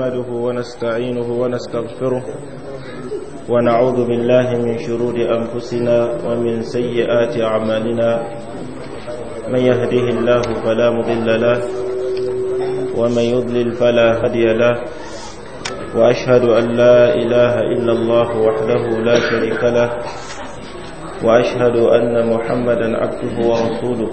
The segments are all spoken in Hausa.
نحمده ونستعينه ونستغفره ونعوذ بالله من شرور أنفسنا ومن سيئات أعمالنا من يهده الله فلا مضل له ومن يضلل فلا هدي له وأشهد أن لا إله إلا الله وحده لا شريك له وأشهد أن محمدا عبده ورسوله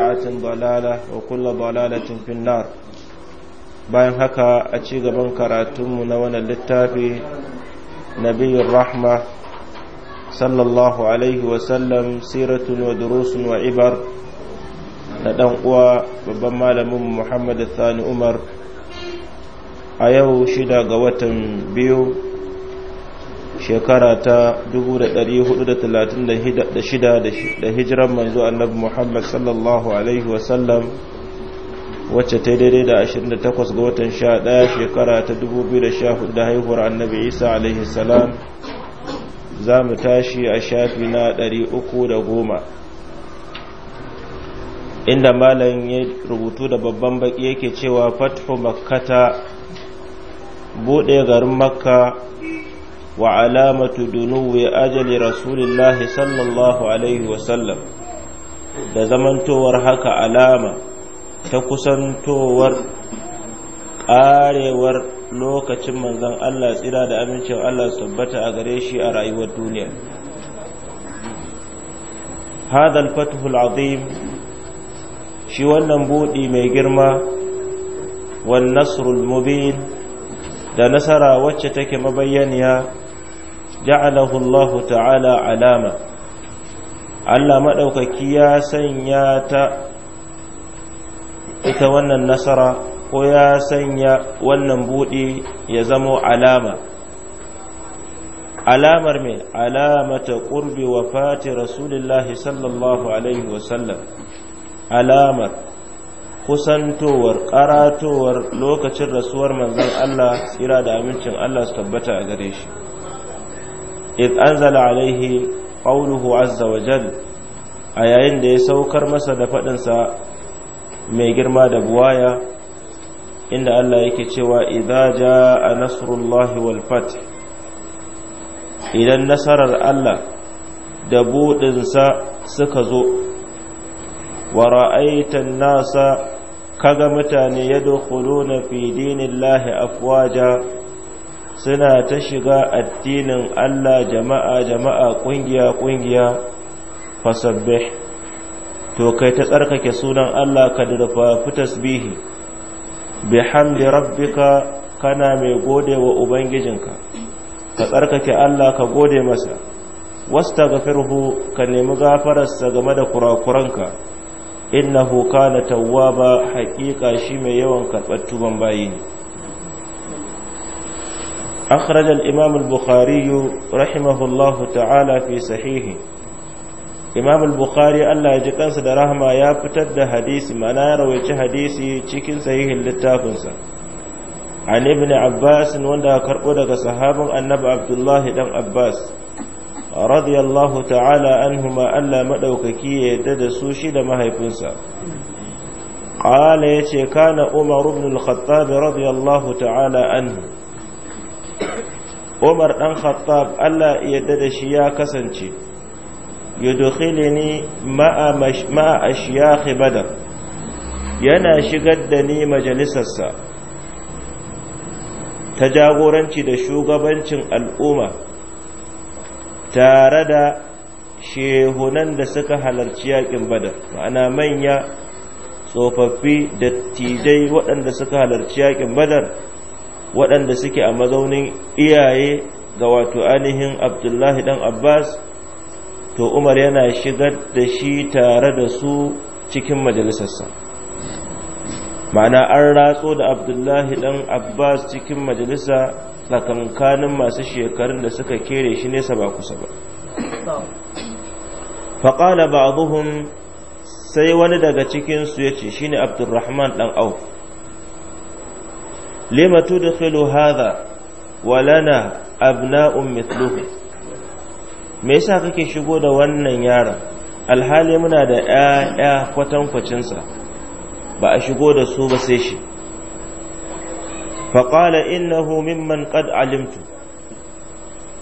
بدعة ضلالة وكل ضلالة في النار bayan haka a ci gaban karatunmu na wannan littafi nabiyun rahma sallallahu alaihi wasallam siratun wa durusun wa ibar na dan uwa babban malamin muhammad sani umar a yau shida ga watan biyu shekara ta 436 da hijiran manzo annabi Muhammad sallallahu alaihi wasallam wacce ta daidai da 28 ga watan 11 shekara ta 2014 da haihuwar annabi Isa alaihi salam za mu tashi a shafi na 310 inda malam ya rubutu da babban baki yake cewa fathu makkata buɗe garin makka وعلامة دنو أجل رسول الله صلى الله عليه وسلم da zamantowar haka alama ta kusantowar karewar lokacin manzon Allah tsira da amincin Allah tabbata a gare shi a rayuwar duniya hadal fathul azim shi wannan buɗi mai girma wan nasrul mubin da nasara wacce take mabayyaniya ja'alahu Allah ta'ala alama Allah maɗaukaki ya sanya ta ita wannan nasara ko ya sanya wannan buɗe ya zamo alama alamar mai alamata ƙurbi wa fati rasulillahi sallallahu alaihi wasallam alamar kusantowar ƙaratowar lokacin rasuwar manzon Allah tsira da amincin Allah su tabbata a gare shi إذ Anzala عليه قوله عز وجل a yayin da ya saukar masa da faɗinsa mai girma da buwaya inda Allah yake cewa idza jaa nasrullahi wal fath idan nasarar Allah da buɗinsa suka zo wa ra'aitan nasa kaga mutane yadkhuluna fi dinillahi afwaja suna ta shiga addinin Allah jama'a jama'a kungiya kungiya fasabbih to kai ta tsarkake sunan Allah ka durfafi tasbihi bihamdi rabbika kana mai gode wa ubangijinka ka tsarkake Allah ka gode masa wastaghfirhu ka nemi gafararsa game da kurakuranka innahu kana tawwaba haƙiƙa shi mai yawan karɓar tuban bayi ne أخرج الإمام البخاري رحمه الله fi في صحيحه imam al-bukhari Allah ya ji kansa da rahama ya fitar da hadisi ma'ana ya rawaici hadisi cikin sahihin littafinsa an ibn abbas wanda karbo daga sahabin annabi Abdullahi dan abbas radiyallahu ta'ala anhu ma Allah madaukaki ya yadda da su shida da mahaifinsa qala yace kana umar ibn al-khattab radiyallahu ta'ala anhu umar Dan khattab allah yadda da shi ya kasance yudkhilni ma'a ma'a ashyakh badar yana shigar da ni majalisarsa ta jagoranci da shugabancin al'umma tare da shehunan da suka halarci yakin badar ma'ana manya tsofaffi da tijai waɗanda suka halarci yakin badar waɗanda suke a mazaunin iyaye ga wato ainihin abdullahi ɗan abbas to umar yana shigar da shi tare da su cikin majalisarsa ma'ana an ratso da abdullahi ɗan abbas cikin majalisa tsakankanin masu shekarun da suka kere shi nesa ba kusa ba faƙala ba sai wani daga cikinsu ya ce shi ne abdulrahman ɗan auf lima tudkhilu hadha wa lana abna'un mithluhu me yasa kake shigo da wannan yaron alhali muna da ƴaƴa kwatankwacinsa. sa ba a shigo da su ba sai shi fa qala innahu mimman qad alimtu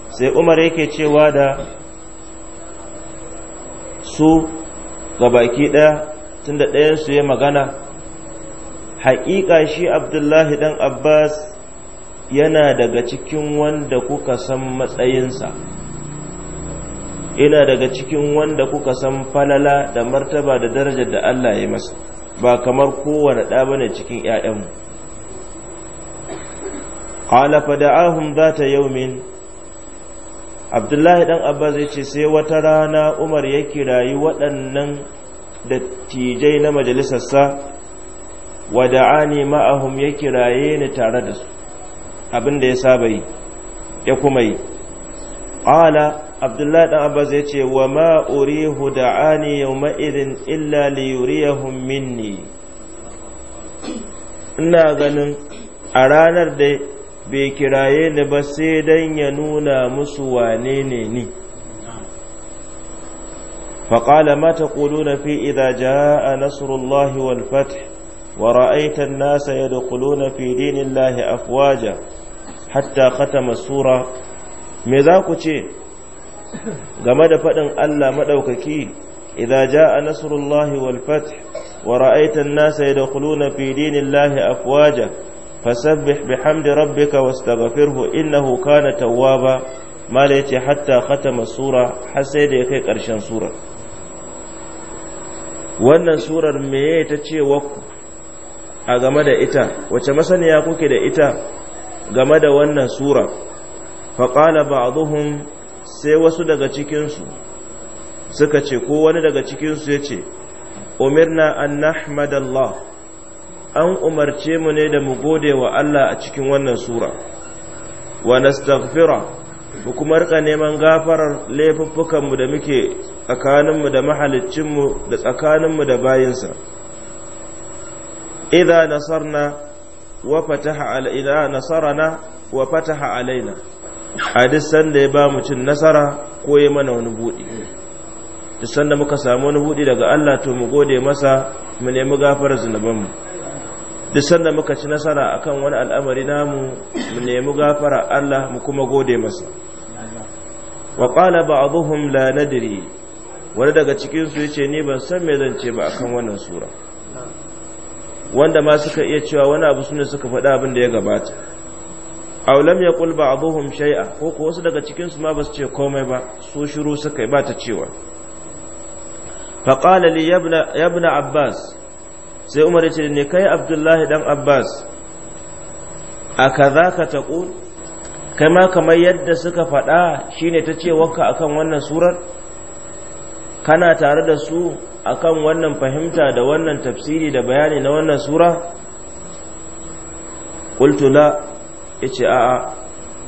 sai Umar yake cewa da su gabaki ɗaya tunda ɗayan su ya magana haƙiƙa shi abdullahi dan abbas yana daga cikin wanda kuka san matsayinsa ina daga cikin wanda kuka san falala da martaba da darajar da allah ya masa ba kamar kowane ɗa bane cikin 'ya'yanmu qala da'ahum zata yawmin abdullahi dan abbas ya ce sai wata rana umar ya kirayi waɗannan dattijai na Majalisar sa. wa da'ani ma'ahum ya kiraye ni tare da su abin ya saba yi ya kuma yi Ƙala abdullahi ɗan abbas ya ce wa ma Da da'ani yawma mairin illa li minni ina ganin a ranar da bai kiraye ni ba sai don ya nuna musu wane ne ni فقال ما تقولون في إذا جاء نصر الله والفتح ورأيت الناس يدخلون في دين الله أفواجا حتى ختم السورة مذاكو تشي game da faɗin Allah maɗaukaki idza jaa nasrullahi wal fath wa ya an-nasa yadkhuluna fi dinillahi afwaja fasabbih bihamdi rabbika wastaghfirhu innahu kana tawwaba mala yace hatta khatama sura har sai da kai ƙarshen sura wannan surar meye ta ce wa a game da ita wace masaniya kuke da ita game da wannan sura faƙala ba'dhum sai wasu daga cikinsu suka ce ko wani daga cikinsu ya ce umirna an nahmadallah an umarce mu ne da mu gode wa Allah a cikin wannan sura wa nastaghfira mu kuma rika neman gafarar laifuffukanmu da muke tsakaninmu da mahaliccinmu da tsakaninmu da bayinsa idza nasarna wa fataha ala idza wa fataha alaina a duk sanda ya ba mu cin nasara ko ya mana wani buɗi duk sanda muka samu wani buɗi daga Allah to mu gode masa mu nemi gafarar mu, duk sanda muka ci nasara akan wani al'amari namu mu nemi gafara Allah mu kuma gode masa wa qala ba'dhum la nadri wani daga cikin su yace ni ban san me zan ce ba akan wannan sura wanda ma suka iya cewa wani abu sune suka faɗa abin da ya gabata aulam ya kulba ba'dhum shay'a ko ko wasu daga cikinsu ma ma basu ce komai ba su shiru suka ba ta cewa fa qala li yabna abbas sai umar ya ce ne kai abdullahi dan abbas akaza ka taƙo kai ma kamar yadda suka faɗa shine ta ce wanka akan wannan surar kana tare da su akan wannan fahimta da wannan tafsiri da bayani na wannan sura qultu la yace a'a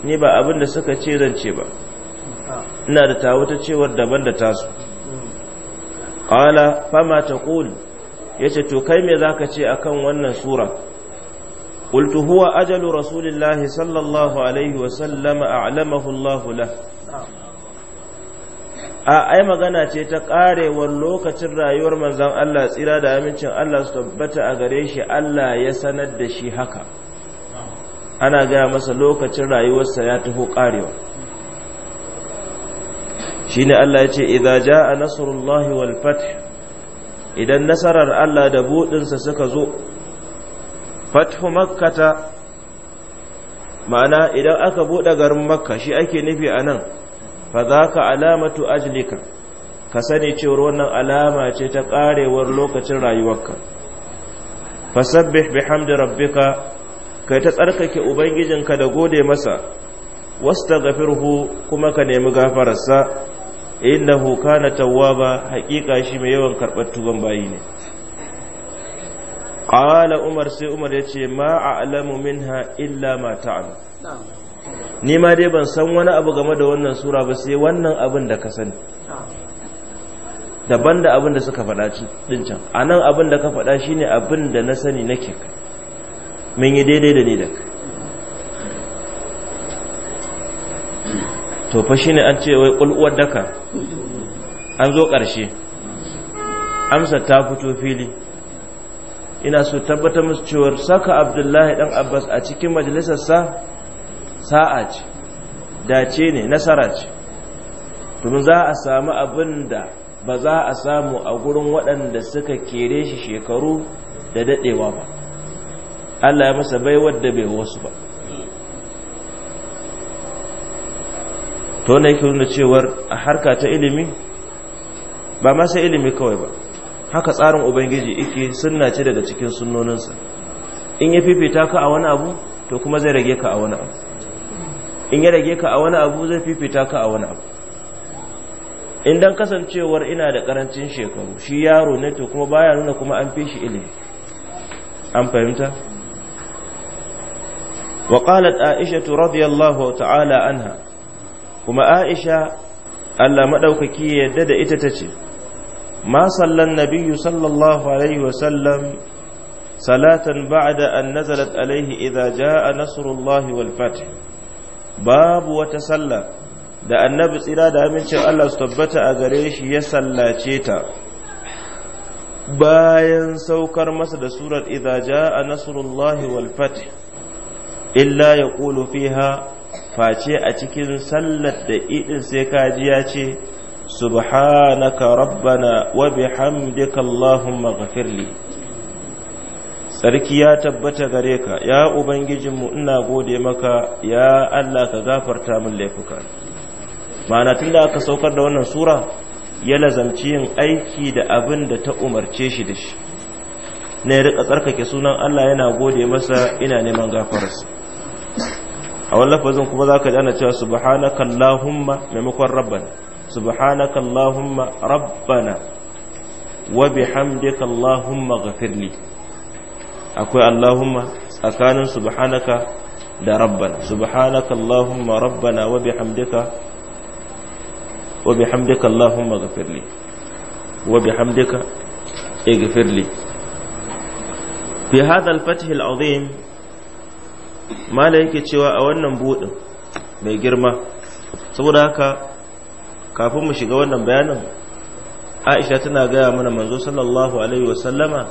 ni ba abin da suka ce zance ba ina da tawata ta cewar daban da tasu qala fama taqul yace to kai me zaka ce akan wannan sura ƙultu huwa ajalu رسول الله صلى الله عليه وسلم a ai magana ce ta karewar lokacin rayuwar manzon Allah tsira da amincin Allah su tabbata a gare shi Allah ya sanar da shi haka ana gaya masa lokacin rayuwarsa ya taho karewa shine Allah ya ce idza jaa nasrullahi wal fath idan nasarar Allah da buɗinsa suka zo fathu makkata ma'ana idan aka buɗe garin makka shi ake nufi anan fa ka alamatu ajlika ka sani cewar wannan alama ce ta karewar lokacin rayuwarka fasabbih bihamdi rabbika kai ta tsarkake ubangijinka da gode masa wastaghfirhu kuma ka nemi gafararsa innahu kana tawwaba haƙiƙa shi mai yawan karɓar tuban bayi ne qala umar sai umar yace ma a'lamu minha illa ma ta'lam ni ma dai ban san wani abu game da wannan sura ba sai wannan abin da ka sani daban da abin da suka faɗa din can a nan abin da ka faɗa shine abin da na sani nake mun yi daidai da ni da ka to fa shine an ce wai kul'uwar daka an zo ƙarshe amsa ta fito fili ina so tabbatar musu cewar saka abdullahi dan abbas a cikin majalisarsa sa'a ce dace ne nasara ce domin za a samu abin da ba za a samu a gurin waɗanda suka kere shi shekaru da daɗewa ba Allah ya masa bai wadda bai wasu ba to yake nuna cewar a harka ta ilimi ba masa ilimi kawai ba haka tsarin ubangiji ike sunna ce daga cikin sunnoninsa in ya fifita ka a wani abu to kuma zai rage ka a wani abu in ya rage ka a wani abu zai fifita ka a wani abu in dan kasancewar ina da karancin shekaru shi yaro ne to kuma baya nuna kuma an fi shi ilimi an fahimta wa qalat aisha radiyallahu ta'ala anha kuma aisha Allah madaukaki ya yarda da ita tace ma sallan nabiyyu sallallahu alaihi wa sallam salatan ba'da an nazalat alaihi idza jaa nasrullahi wal fath babu wata sallah da annabi tsira da amincin Allah su tabbata a gare shi ya sallace ta bayan saukar masa da surar idza jaa nasrullahi wal fath illa yaqulu fiha face a cikin sallar da idin sai kaji ya ce subhanaka rabbana wa bihamdika allahumma ghfirli tsarki ya tabbata gare ka ya ubangijinmu ina gode maka ya Allah ka gafarta min laifuka ma'ana tun da aka saukar da wannan sura ya lazamci yin aiki da abin da ta umarce shi da shi na ya rika tsarkake sunan Allah yana gode masa ina neman gafararsa a wani lafazin kuma za ka ji ana cewa subhanaka Allahumma maimakon rabbana subhanaka Allahumma rabbana wa bihamdika Allahumma ghafirli akwai Allahumma tsakanin subhanaka da rabbana subhanaka Allahumma rabbana wa bihamdika wa bihamdika Allahumma ghafirli wa bihamdika ighfirli fi hadha al-fath al-azim mala yake cewa a wannan budin mai girma saboda haka kafin mu shiga wannan bayanin Aisha tana gaya mana manzo sallallahu alaihi wa sallama.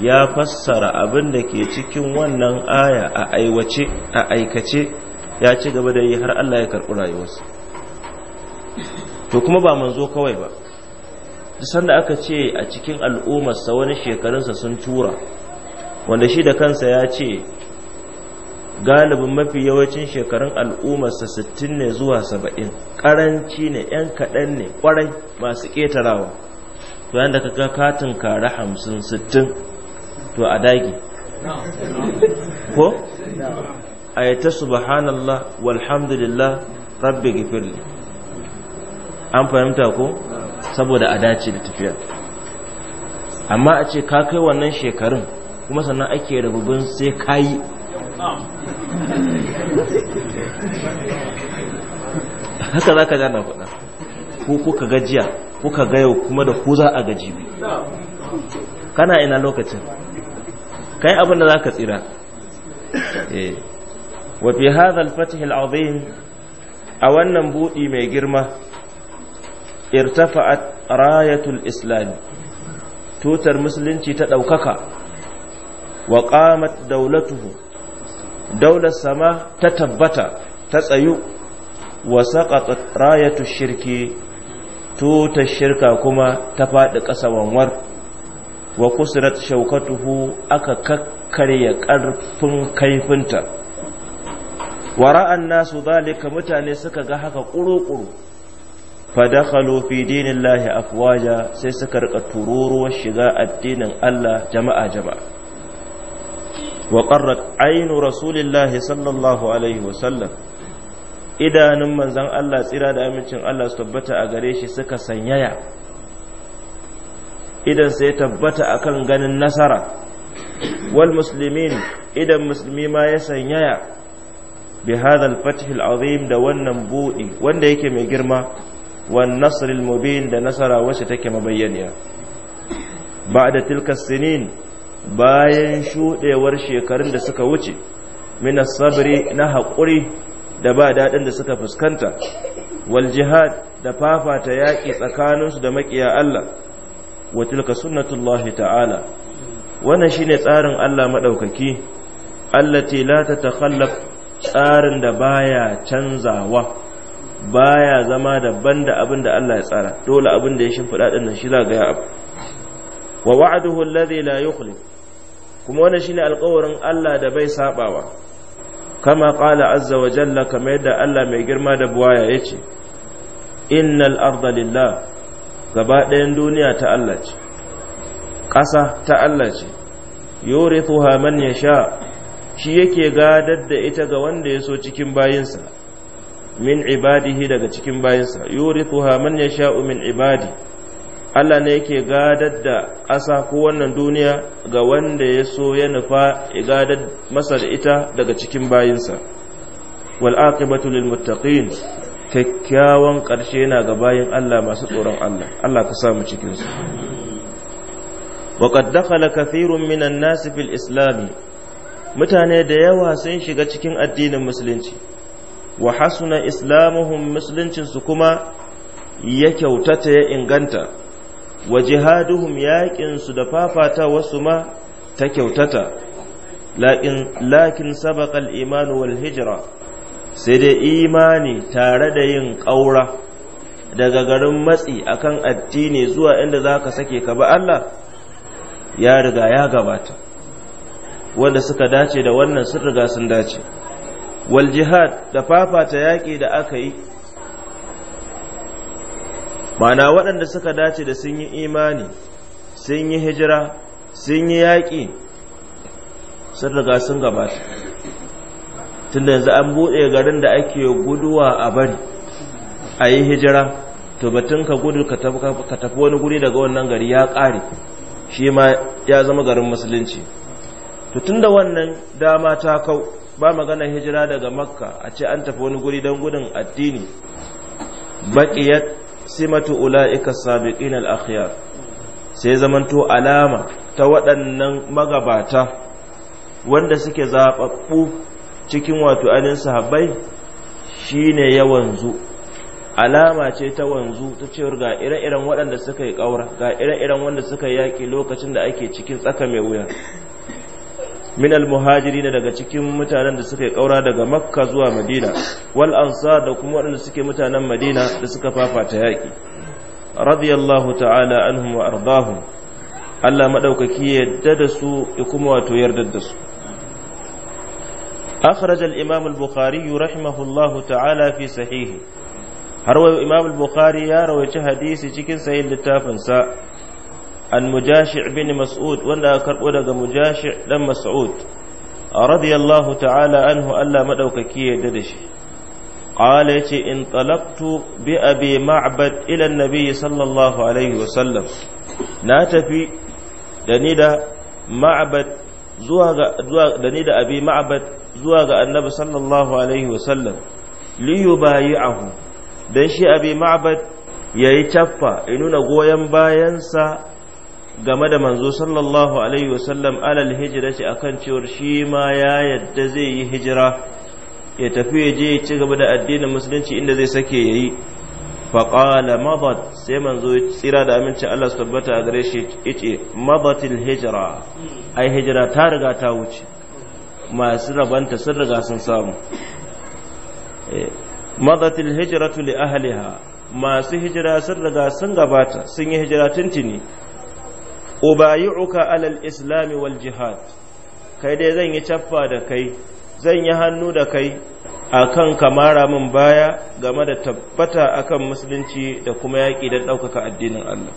ya fassara abin da ke cikin wannan aya a aiwace a aikace ya ci gaba da yi har Allah ya karɓi rayuwarsa to kuma ba manzo kawai ba sanda aka ce a cikin al'ummarsa wani shekarunsa sun tura wanda shi da kansa ya ce galibin mafi yawancin shekarun al'ummarsa sittin ne zuwa saba'in karanci ne 'yan kaɗan ne kwarai masu ƙetarawa to yanda ka ga katin kare hamsin sittin to a dagi ko a yi ta subhanallah walhamdulillah rabbi gifirli an fahimta ko saboda a dace da tafiya amma a ce ka kai wannan shekarun kuma sannan ake rububin sai ka yi haka za ka jana faɗa ko kuka gajiya kuka ga yau kuma da ku za a gaji kana ina lokacin kai abin da ka tsira eh wa fi hadha a wannan buɗi mai girma a rayatul islam tutar musulunci ta ɗaukaka, wa qamat dawlatuhu daular sama ta tabbata ta tsayu wa saqatat rayatul shirki tutar shirka kuma ta faɗi ƙasa wanwar wa kusurat shaukatuhu aka kakkarya ƙarfin kaifinta wara'an nasu zalika mutane suka ga haka ƙuruƙuru Fa fadakhalu fi dinillahi afwaja sai suka rika tururuwar shiga addinin Allah jama'a jama'a wa qarrat aynu rasulillahi sallallahu alaihi wa sallam idanun manzan Allah tsira da amincin Allah su tabbata a gare shi suka sanyaya idan sai tabbata akan ganin nasara wal muslimin idan musulmi ma ya sanyaya bi hadha al al azim da wannan budi wanda yake mai girma wan nasr mubin da nasara wacce take mabayyaniya ba'da tilka sinin bayan shudewar shekarun da suka wuce min as sabri na haƙuri da ba daɗin da suka fuskanta wal jihad da fafata yaƙi tsakaninsu da maƙiya Allah wa tilka sunnatullahi ta'ala wannan shine tsarin Allah maɗaukaki allati la tatakhallaf tsarin da baya canzawa baya zama daban da abin da Allah ya tsara dole abin da ya shimfiɗa ɗin nan shi za ya abu wa wa'aduhu alladhi la yukhlif kuma wannan shine alƙawarin Allah da bai sabawa kama ƙala azza wa jalla kamar yadda Allah mai girma da buwaya ya ce. innal arda lillah gaba ɗayan duniya ta Allah ce ƙasa ta Allah ce tuha man ya sha. shi yake gadar da ita ga wanda ya so cikin bayinsa min ibadihi daga cikin bayinsa tuha man ya yasha'u min ibadi Allah ne yake gadar da ƙasa ko wannan duniya ga wanda ya so ya nufa ya gadar masa da ita daga cikin bayinsa wal aqibatu lil muttaqin kyakkyawan ƙarshe na ga bayin Allah masu tsoron Allah Allah ka samu cikin su wa qad dakhala kathirun minan nas fil islam mutane da yawa sun shiga cikin addinin musulunci wa hasuna islamuhum musuluncinsu kuma ya kyautata ya inganta wa jihaduhum yaƙin su da fafata wasu ma ta kyautata lakin sabaqal imanu wal hijra sai dai imani tare da yin ƙaura daga garin matsi akan addini zuwa inda za ka sake ka ba Allah ya riga ya gabata wanda suka dace da wannan sun riga sun dace wal jihad da fafata yaƙi da aka yi mana waɗanda suka dace da sun yi imani sun yi hijira sun yi yaƙi sun riga sun gabata tun da yanzu an buɗe garin da ake guduwa a bari a yi hijira to batun ka gudu ka tafi wani guri daga wannan gari ya ƙare shi ma ya zama garin musulunci to tun da wannan dama ta kau ba magana hijira daga makka a ce an tafi wani guri don gudun addini baƙiyar simatu ula'ika sabiqin al-akhyar sai zamanto alama ta waɗannan magabata wanda suke zaɓaɓɓu cikin wato anin sahabbai shine ya wanzu alama ce ta wanzu ta cewar ga ire-iren waɗanda suka yi ƙaura ga ire-iren wanda suka yi yaƙi lokacin da ake cikin tsaka mai wuya min almuhajiri daga cikin mutanen da suka yi daga makka zuwa madina wal ansar da kuma waɗanda suke mutanen madina da suka fafata yaƙi radiyallahu ta'ala anhum wa ardahum Allah madaukaki yadda da su ya kuma wato yarda da su al الإمام البخاري رحمه الله ta'ala fi صحيحه har wayo imam al-bukhari ya rawaci hadisi cikin sayin littafin sa an mujashi' bin mas'ud wanda aka karbo daga mujashi' ɗan mas'ud radiyallahu ta'ala anhu Allah madaukaki ya da shi قال يتي انطلقت بأبي معبد إلى النبي صلى الله عليه وسلم ناتفي دنيدا معبد زواغ دنيدا أبي معبد زواغ النبي صلى الله عليه وسلم ليبايعه دنشي أبي معبد yayi caffa inuna goyon bayansa game da manzo sallallahu alaihi wasallam alal hijirati akan cewar shi ma ya yadda zai yi hijira ya tafi ya je ya ci gaba da addinin musulunci inda zai sake yayi qala madat sai manzo tsira da aminci Allah su tabbata a gare shi yace madatil hijra ai hijira ta riga ta wuce masu rabanta sun riga sun samu eh, madatil hijratu li ahliha masu hijira sun riga sun gabata sun yi hijira tuntuni ubayi'uka alal islami wal jihad kai dai zan yi caffa da kai zan yi hannu da kai akan kamara min baya game da tabbata akan musulunci da kuma yaƙi don ɗaukaka addinin Allah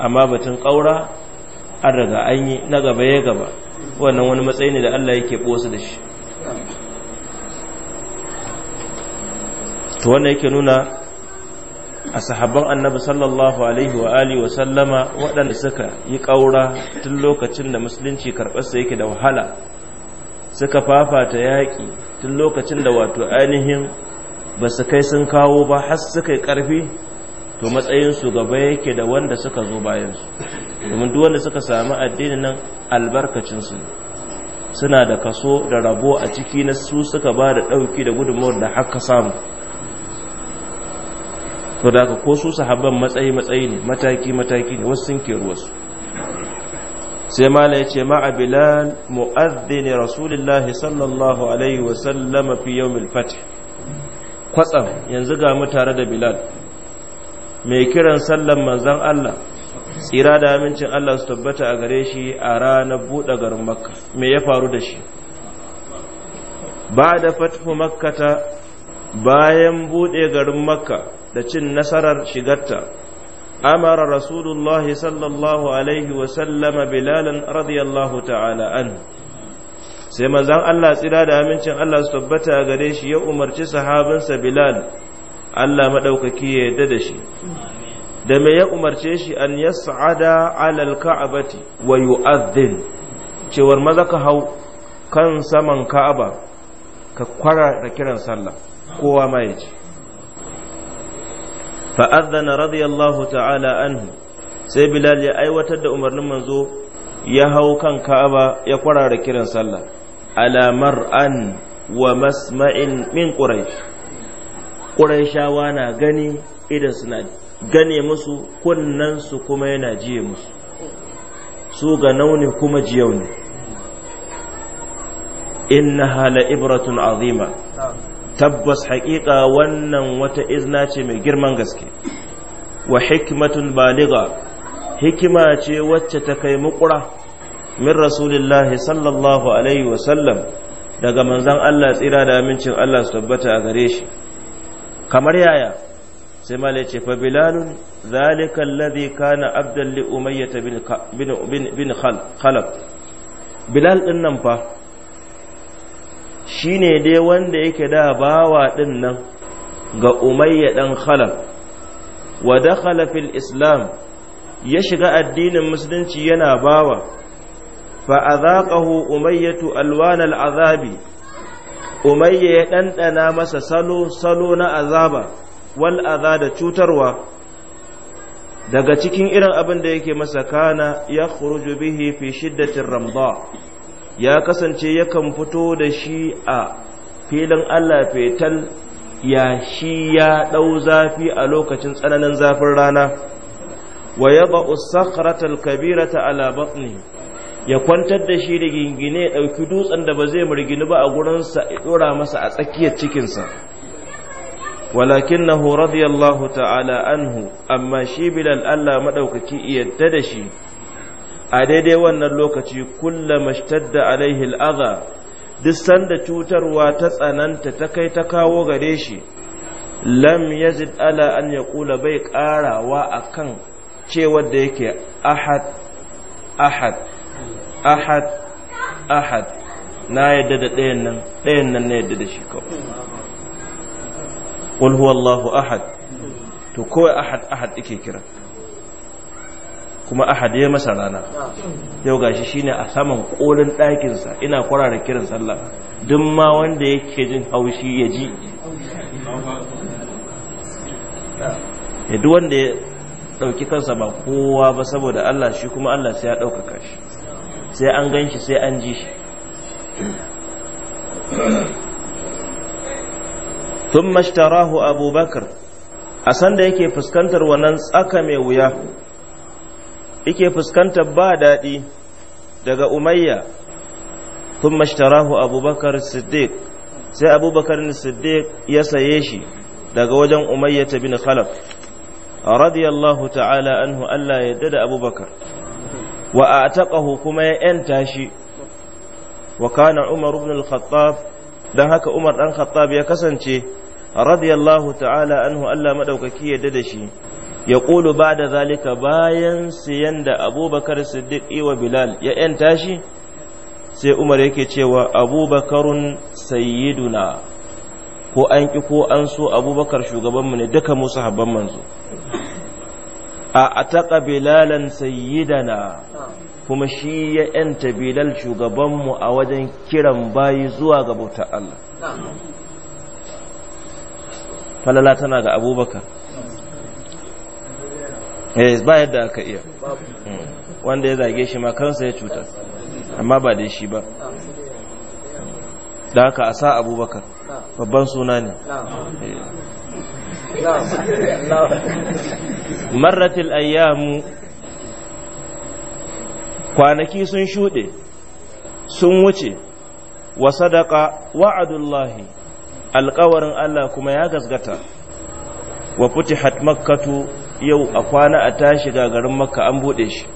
amma batun ƙaura an daga an yi na gaba ya gaba wannan wani matsayi ne da Allah yake ɓosu da shi to wannan yake nuna a sahabban annabi sallallahu alaihi wa alihi wa sallama waɗanda suka yi ƙaura tun lokacin da musulunci karɓarsa yake da wahala suka fafata yaƙi tun lokacin da wato ainihin ba su kai sun kawo ba har suka yi ƙarfi to matsayinsu gaba yake da wanda suka zo bayansu domin duk wanda suka samu addinin nan albarkacinsu suna da kaso da rabo a ciki na su suka ba da ɗauki da gudunmawar da haka samu so da ka ko su sahabban matsayi matsayi ne mataki mataki ne wasu sun ke ruwasu sai mala ya ce ma'a bilal mu'addini rasulullahi sallallahu alaihi wasallama fi mil fati. kwatsam yanzu ga mu da bilal mai kiran sallan manzan allah tsira da amincin allah su tabbata a gare shi a ranar buɗe garin makka me ya faru da shi ba da fatihu makkata bayan buɗe garin makka da cin nasarar shigarta amara rasulullahi sallallahu alaihi wasallama bilalan radiyallahu ta'ala an sai manzan Allah tsira da amincin Allah su tabbata gare shi ya umarci sahabinsa bilal Allah maɗaukaki ya yarda da shi da me ya umarce shi an yas'ada alal ka'abati wa yu'adhdhin cewar maza ka hau kan saman ka'aba ka kwara da kiran sallah kowa ma ya ce فأذن رضي radiyallahu ta'ala anhu, sai Bilal ya aiwatar da umarnin manzo ya hau kan Ka'aba ya kwarara kiran sallah ala mar'an wa masma'in min Quraysh Qurayshawa na gani idan suna gane musu kunnan su kuma yana jiye musu su ga nauni kuma jiyau innaha la ibratun azima tabbas haƙiƙa wannan wata izna ce mai girman gaske wa hikmatun baliga hikima ce wacce ta kai muƙura min rasulillahi sallallahu alaihi wasallam daga manzan Allah tsira da amincin Allah su tabbata a gare shi kamar yaya sai malai ce fa bilalun zalika alladhi kana abdan li umayyah bin bin bin bilal din nan fa shine dai wanda yake da bawa din nan ga umayya ɗan khalaf wa dakhala islam ya shiga addinin musulunci yana bawa fa azaqahu umayyatu alwanal azabi umayya ya ɗanɗana masa salo salo na azaba wal aza da cutarwa daga cikin irin abin da yake masa kana ya bihi fi shiddatin ramda ya kasance yakan fito da shi a filin Allah fetal ya shi ya ɗau zafi a lokacin tsananin zafin rana wa ya ba'u kabirata ala batni ya kwantar da shi da gingine ɗauki dutsen da ba zai murgini ba a gurinsa ya ɗora masa a tsakiyar cikinsa walakin na radiyallahu ta'ala anhu amma shi bilal Allah maɗaukaki yadda da shi a daidai wannan lokaci mashtar da alaihi al'adha duk sanda cutarwa ta tsananta ta kai ta kawo gare shi lam yazid ala an ya kula bai karawa akan cewar da yake ahad ahad ahad ahad na yadda da ɗayan nan ɗayan nan na yadda da shi kawai qul Wallahu ahad to kawai ahad ahad ike kira kuma ahad ya masa rana yau gashi shine a saman kolin ɗakinsa ina kwarara kiran sallah duk ma wanda yake jin haushi ya ji ya duk wanda ya ɗauki kansa ba kowa ba saboda Allah shi kuma Allah sai ya ɗaukaka shi sai an gan sai an ji shi tun mashtarahu abubakar a sanda yake fuskantar wannan tsaka mai wuya yake fuskantar ba daɗi daga umayya tun mashtarahu abubakar siddiq sai abubakar siddiq ya saye shi daga wajen umayya ta bin khalaf radiyallahu ta'ala anhu Allah ya da abubakar wa a taƙahu kuma ya ‘yanta shi wa kana umar ibn al-khattab don haka umar ɗan khattab ya kasance radiyallahu ta'ala anhu Allah maɗaukaki ya da shi ya ƙulu ba da zalika bayan siyan da abubakar siddiq wa bilal ya ‘yan tashi, sai umar yake cewa abubakarun sayyiduna ko an ƙi ko an so abubakar shugabanmu ne duka musu habban manzo a taƙa bilalan sayyidana kuma shi ya ‘yanta bilal shugabanmu a wajen kiran bayi zuwa ga bautar Allah falala tana ga abubakar eh ba yadda aka iya wanda ya zage shi ma kansa ya cuta amma ba da shi ba da haka a sa abubakar babban suna ne eh. marratil ayyamu kwanaki sun shuɗe sun wuce wa sadaka wa'adullahi alkawarin Allah kuma ya gasgata wa futihat makkatu yau a kwana a tashi ga garin makka an buɗe shi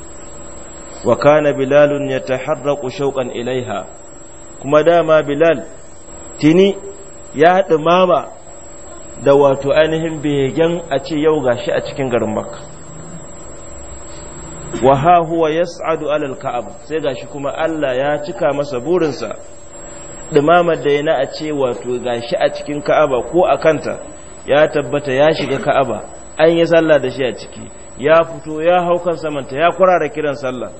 wa kana bilalun ya taharraku shauƙan ilaiha kuma dama bilal tini ya haɗu mama da wato ainihin begen a ce yau gashi a cikin garin makka wa ha huwa yas'adu alal ka'aba sai gashi kuma Allah ya cika masa burinsa dumamar da yana a ce wato gashi a cikin ka'aba ko a kanta ya tabbata ya shiga ka'aba an yi sallah da shi a ciki ya fito ya hau kan samanta ya kura da kiran sallah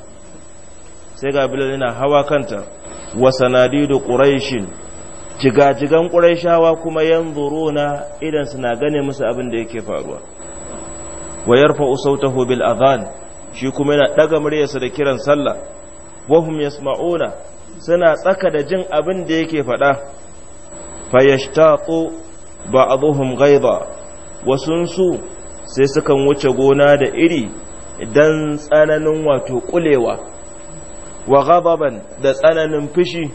sai ga bilal yana hawa kanta wa sanadidu quraishin jigajigan quraishawa kuma yanzuruna idan suna gane musu abin da yake faruwa wa yarfa'u sautahu bil adhan shi kuma yana daga muryarsa da kiran sallah wa hum yasma'una suna tsaka da jin abin da yake faɗa fayashtaqu ba'dhum ghaidha wasunsu sai sukan wuce gona da iri idan tsananin wato kulewa wa ghadaban da tsananin fushi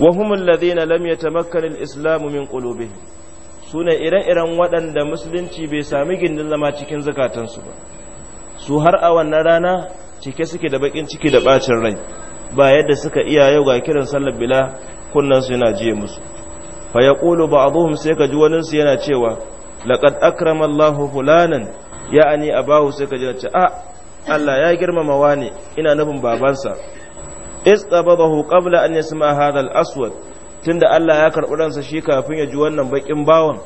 wa hum alladhina lam yatamakkan al-islam min ire-iren waɗanda musulunci bai sami gindin zama cikin zakatansu ba su har a wannan rana cike suke da bakin ciki da bacin rai ba yadda suka iya yau ga kiran sallar bila kunnan su yana jiye musu fa yaqulu ba'dhum sai ka ji wani su yana cewa Lakat ya Allahu ni ya'ani bahu sai ka ji ce a ah, Allah ya girmama ne ina nufin babansa bahu ƙabla an yasma hadha al-aswad tunda Allah ya karɓi ransa shi kafin ya ji wannan baƙin bawon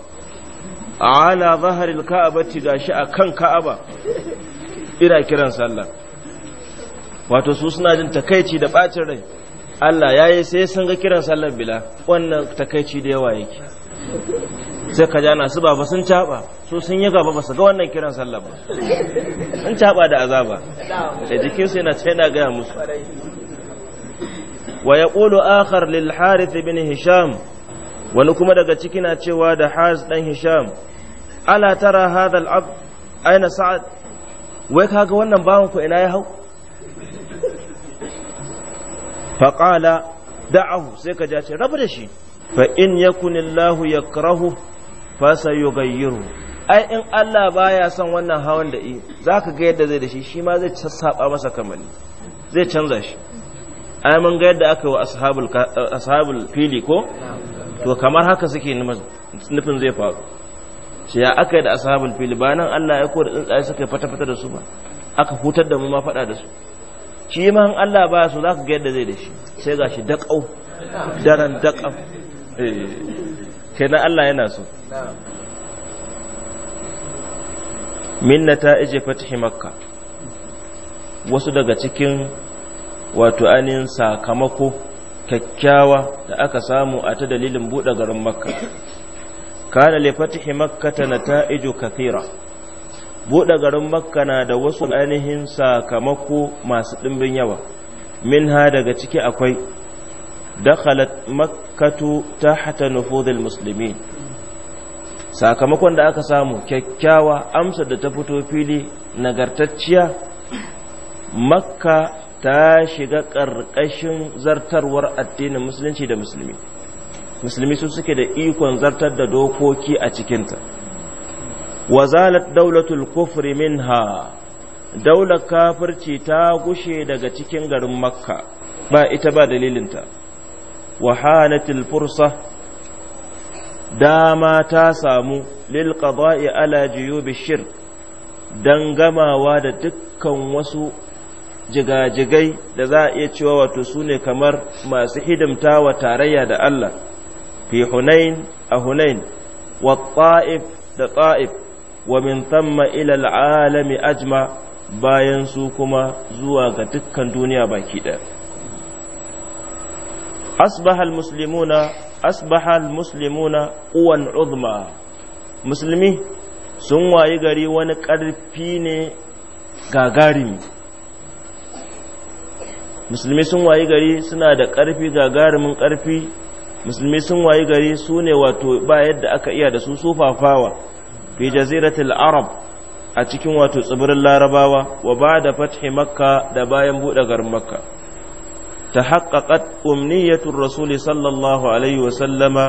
ala zaharil shi gashi kan ka'aba ina kiran sallah wato su suna jin takaici da ɓacin rai Allah ya yi sai sun ga kiran sallar bila wannan takaici da yawa yake sai ka jana su ba sun caba su sun yi gaba basu ga wannan kiran sallar ba sun caba da azaba da jikinsu yana ta gaya musu wa ya ƙulu akhar lil harith bin hisham wani kuma daga ciki na cewa da harith dan hisham ala tara hadha al aina sa'ad wai kaga wannan bawan ku ina ya hau faƙala da'ahu sai ka ja ce rabu da shi fa in yakunillahu yakrahu fa sayughayyiru ai in Allah baya son wannan hawan da yi zaka ga yadda zai da shi shi ma zai saba masa kamani zai canza shi ai mun ga yadda aka yi wa ashabul ashabul ko to kamar haka suke nufin zai faru shi aka yi da ashabul fili bayan Allah ya ko da tsuntsaye suka fata fata da su ba aka hutar da mu ma fada da su shi ma in Allah baya za zaka ga yadda zai da shi sai gashi daƙau daren daƙau eh, kenan Allah yana so min nata'ij fatihi makka wasu daga cikin wato anin sakamako kyakkyawa da aka samu a ta dalilin buɗe garin makka kana li fathi makka nata'iju kafira buɗe garin makka na da wasu ainihin sakamako masu ɗimbin yawa Min ha daga ciki akwai dakhalat makkatu ta hata nufudil musulmi, sakamakon da aka samu kyakkyawa amsar da ta fito fili nagartacciya makka ta shiga ƙarƙashin zartarwar addinin musulunci da musulmi musulmi su suke da ikon zartar da dokoki a cikinta wazalat zalat daulatul kufri minha daular kafirci ta gushe daga cikin garin makka ba ita ba dalilinta wa hanatil fursa dama ta samu lil qada'i ala juyubi shirk dan gamawa da dukkan wasu jigajigai da za a iya cewa wato sune kamar masu hidimta wa tarayya da Allah fi hunain a hunain wa ta'if da ta'if wa min tamma ila alami ajma bayan su kuma zuwa ga dukkan duniya baki ɗaya asbaha muslimuna asbaha muslimuna quwan uzma musulmi sun wayi gari wani ƙarfi ne gagarimi musulmi sun wayi gari suna da ƙarfi gagarimin ƙarfi musulmi sun wayi gari su wato ba yadda aka iya da su sufafawa fi jaziratul arab a cikin wato tsibirin larabawa wa ba da fathi makka da bayan buɗe garin makka ta haƙaƙat umniyatun rasuli sallallahu alaihi wasallama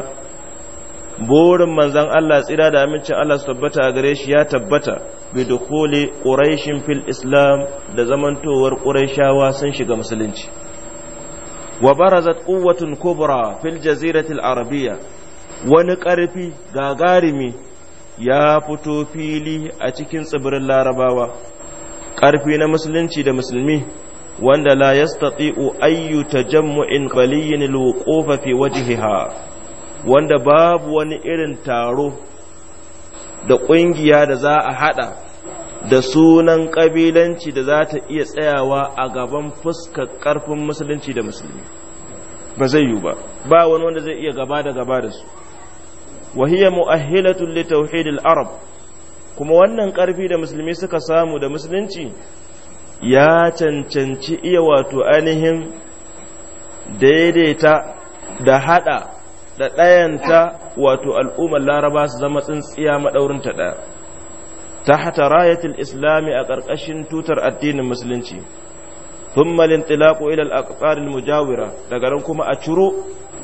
burin manzan Allah tsira da amincin Allah su tabbata a gare shi ya tabbata bi dukuli ƙuraishin fil islam da zamantowar ƙuraishawa sun shiga musulunci wa barazat quwwatun kubra fil jaziratil arabiyya wani ƙarfi gagarumi ya fito fili a cikin tsibirin larabawa ƙarfi na musulunci da musulmi wanda la yastati'u ayyu tajammu'in qaliyyin alwuqufa fi wajhiha wanda babu wani irin taro da ƙungiya da za a haɗa da sunan ƙabilanci da za ta iya tsayawa a gaban fuskar ƙarfin musulunci da musulmi ba zai yiwu ba ba wani wanda zai iya gaba da gaba da su wa hiya mu'ahhilatun li arab kuma wannan ƙarfi da musulmi suka samu da musulunci ya cancanci iya wato ainihin daidaita da haɗa da ɗayanta wato al'ummar laraba su zama tsintsiya maɗaurinta ɗaya ta hata rayatul islami a ƙarƙashin tutar addinin musulunci tummalin lintilaku ila al mujawira daga nan kuma a ciro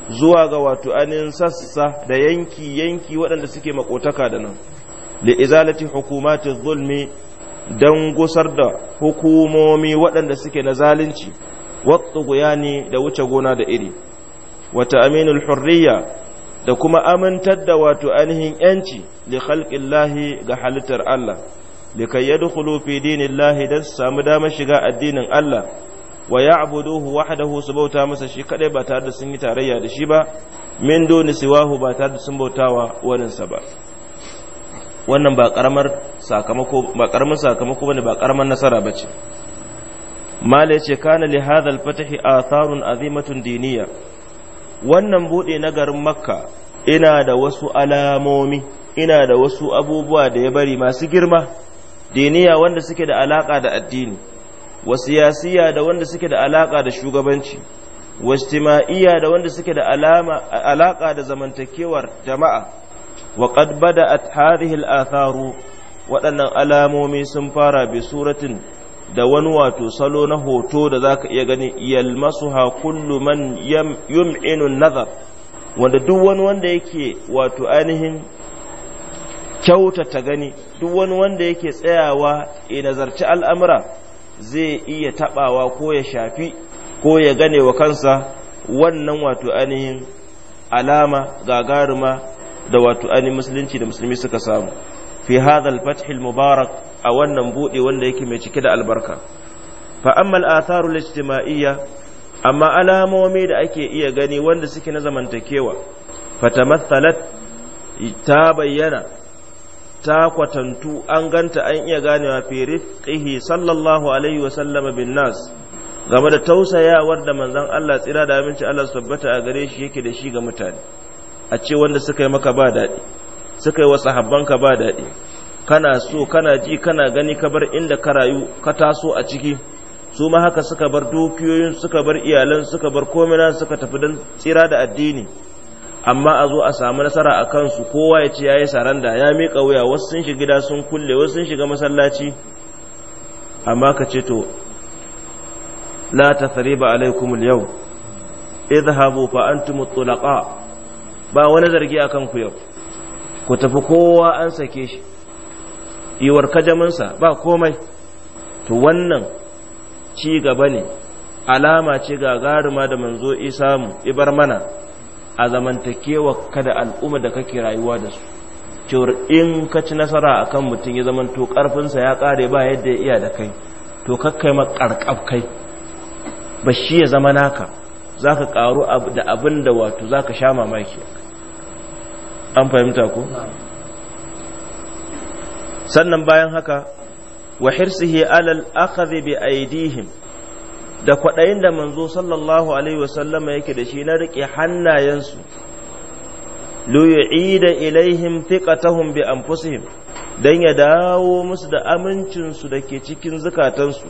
zuwa ga wato anin sassa da yanki yanki waɗanda suke makotaka da nan li izalati hukumati zulmi dan gusar da hukumomi waɗanda suke na zalunci watsu guyani da wuce gona da iri wata aminul hurriya da kuma amintar da wato ainihin yanci li khalqillahi ga halittar Allah likay yadkhulu fi dinillahi dan su samu damar shiga addinin Allah wa ya'buduhu wahdahu su bauta masa shi kadai ba tare da sun yi tarayya da shi ba min duni siwahu ba tare da sun bautawa wani sa ba wannan ba karamar sakamako ba karamar sakamako bane ba karamar nasara bace mala yace kana li hadha al-fath atharun azimatun diniya wannan bude na garin makka ina da wasu alamomi ina da wasu abubuwa da ya bari masu girma diniya wanda suke da alaka da addini wa siyasiya da wanda suke da alaka da shugabanci wa ijtima'iyya da wanda suke da alama alaka da zamantakewar jama'a wa qad bada'at hadhihi al-atharu waɗannan alamomi sun fara bi suratin da wani wato salo na hoto da zaka iya gani yalmasuha kullu man yum'inu an-nazar wanda duk wani wanda yake wato ainihin kyautata gani duk wani wanda yake tsayawa ya nazarci al'amura zai iya tabawa ko ya shafi ko ya gane wa kansa wannan wato ainihin alama gagaruma da wato ainihin musulunci da musulmi suka samu fi hadha al mubarak a wannan bude wanda yake mai cike da albarka fa amma al athar al-ijtima'iyya amma alamomi da ake iya gani wanda suke na zamantakewa fatamathalat ta bayyana ta kwatantu an ganta an iya ganewa fi rifqihi sallallahu alaihi wa sallama bin nas game da tausayawar da manzon Allah tsira da aminci Allah su tabbata a gare shi yake da shi ga mutane a ce wanda suka yi maka ba daɗi suka yi wa sahabbanka ba daɗi kana so kana ji kana gani ka bar inda ka rayu ka taso a ciki su ma haka suka bar dukiyoyin suka bar iyalan suka bar komina suka tafi don tsira da addini amma a zo a samu nasara a kansu kowa ya ce ya yi saranda ya miƙa wuya wasu sun shiga gida sun kulle wasu sun shiga masallaci amma ka ce to la ta ba alaikumul yau izhabu fa antum tulaqa ba wani zargi akan ku yau ku tafi kowa an sake shi iwar kajaminsa ba komai to wannan ci gaba ne alama ce gagaruma da manzo isa mu ibar mana a zamantakewa ka da al'umma da kake rayuwa da su cewar in ka ci nasara a kan mutum ya zamanto karfinsa ya kare ba yadda ya iya da kai to kakkai makarkab kai ba shi ya zama naka za ka karu da abin da wato za ka sha mamaki an fahimta ku sannan bayan haka wa hirsihi alal akhadhi bi aidihim da kwaɗayin da manzo sallallahu alaihi wasallama yake da shi na riƙe hannayensu liyu'ida ilaihim thiqatahum bi anfusihim dan ya dawo musu da amincinsu da ke cikin zukatansu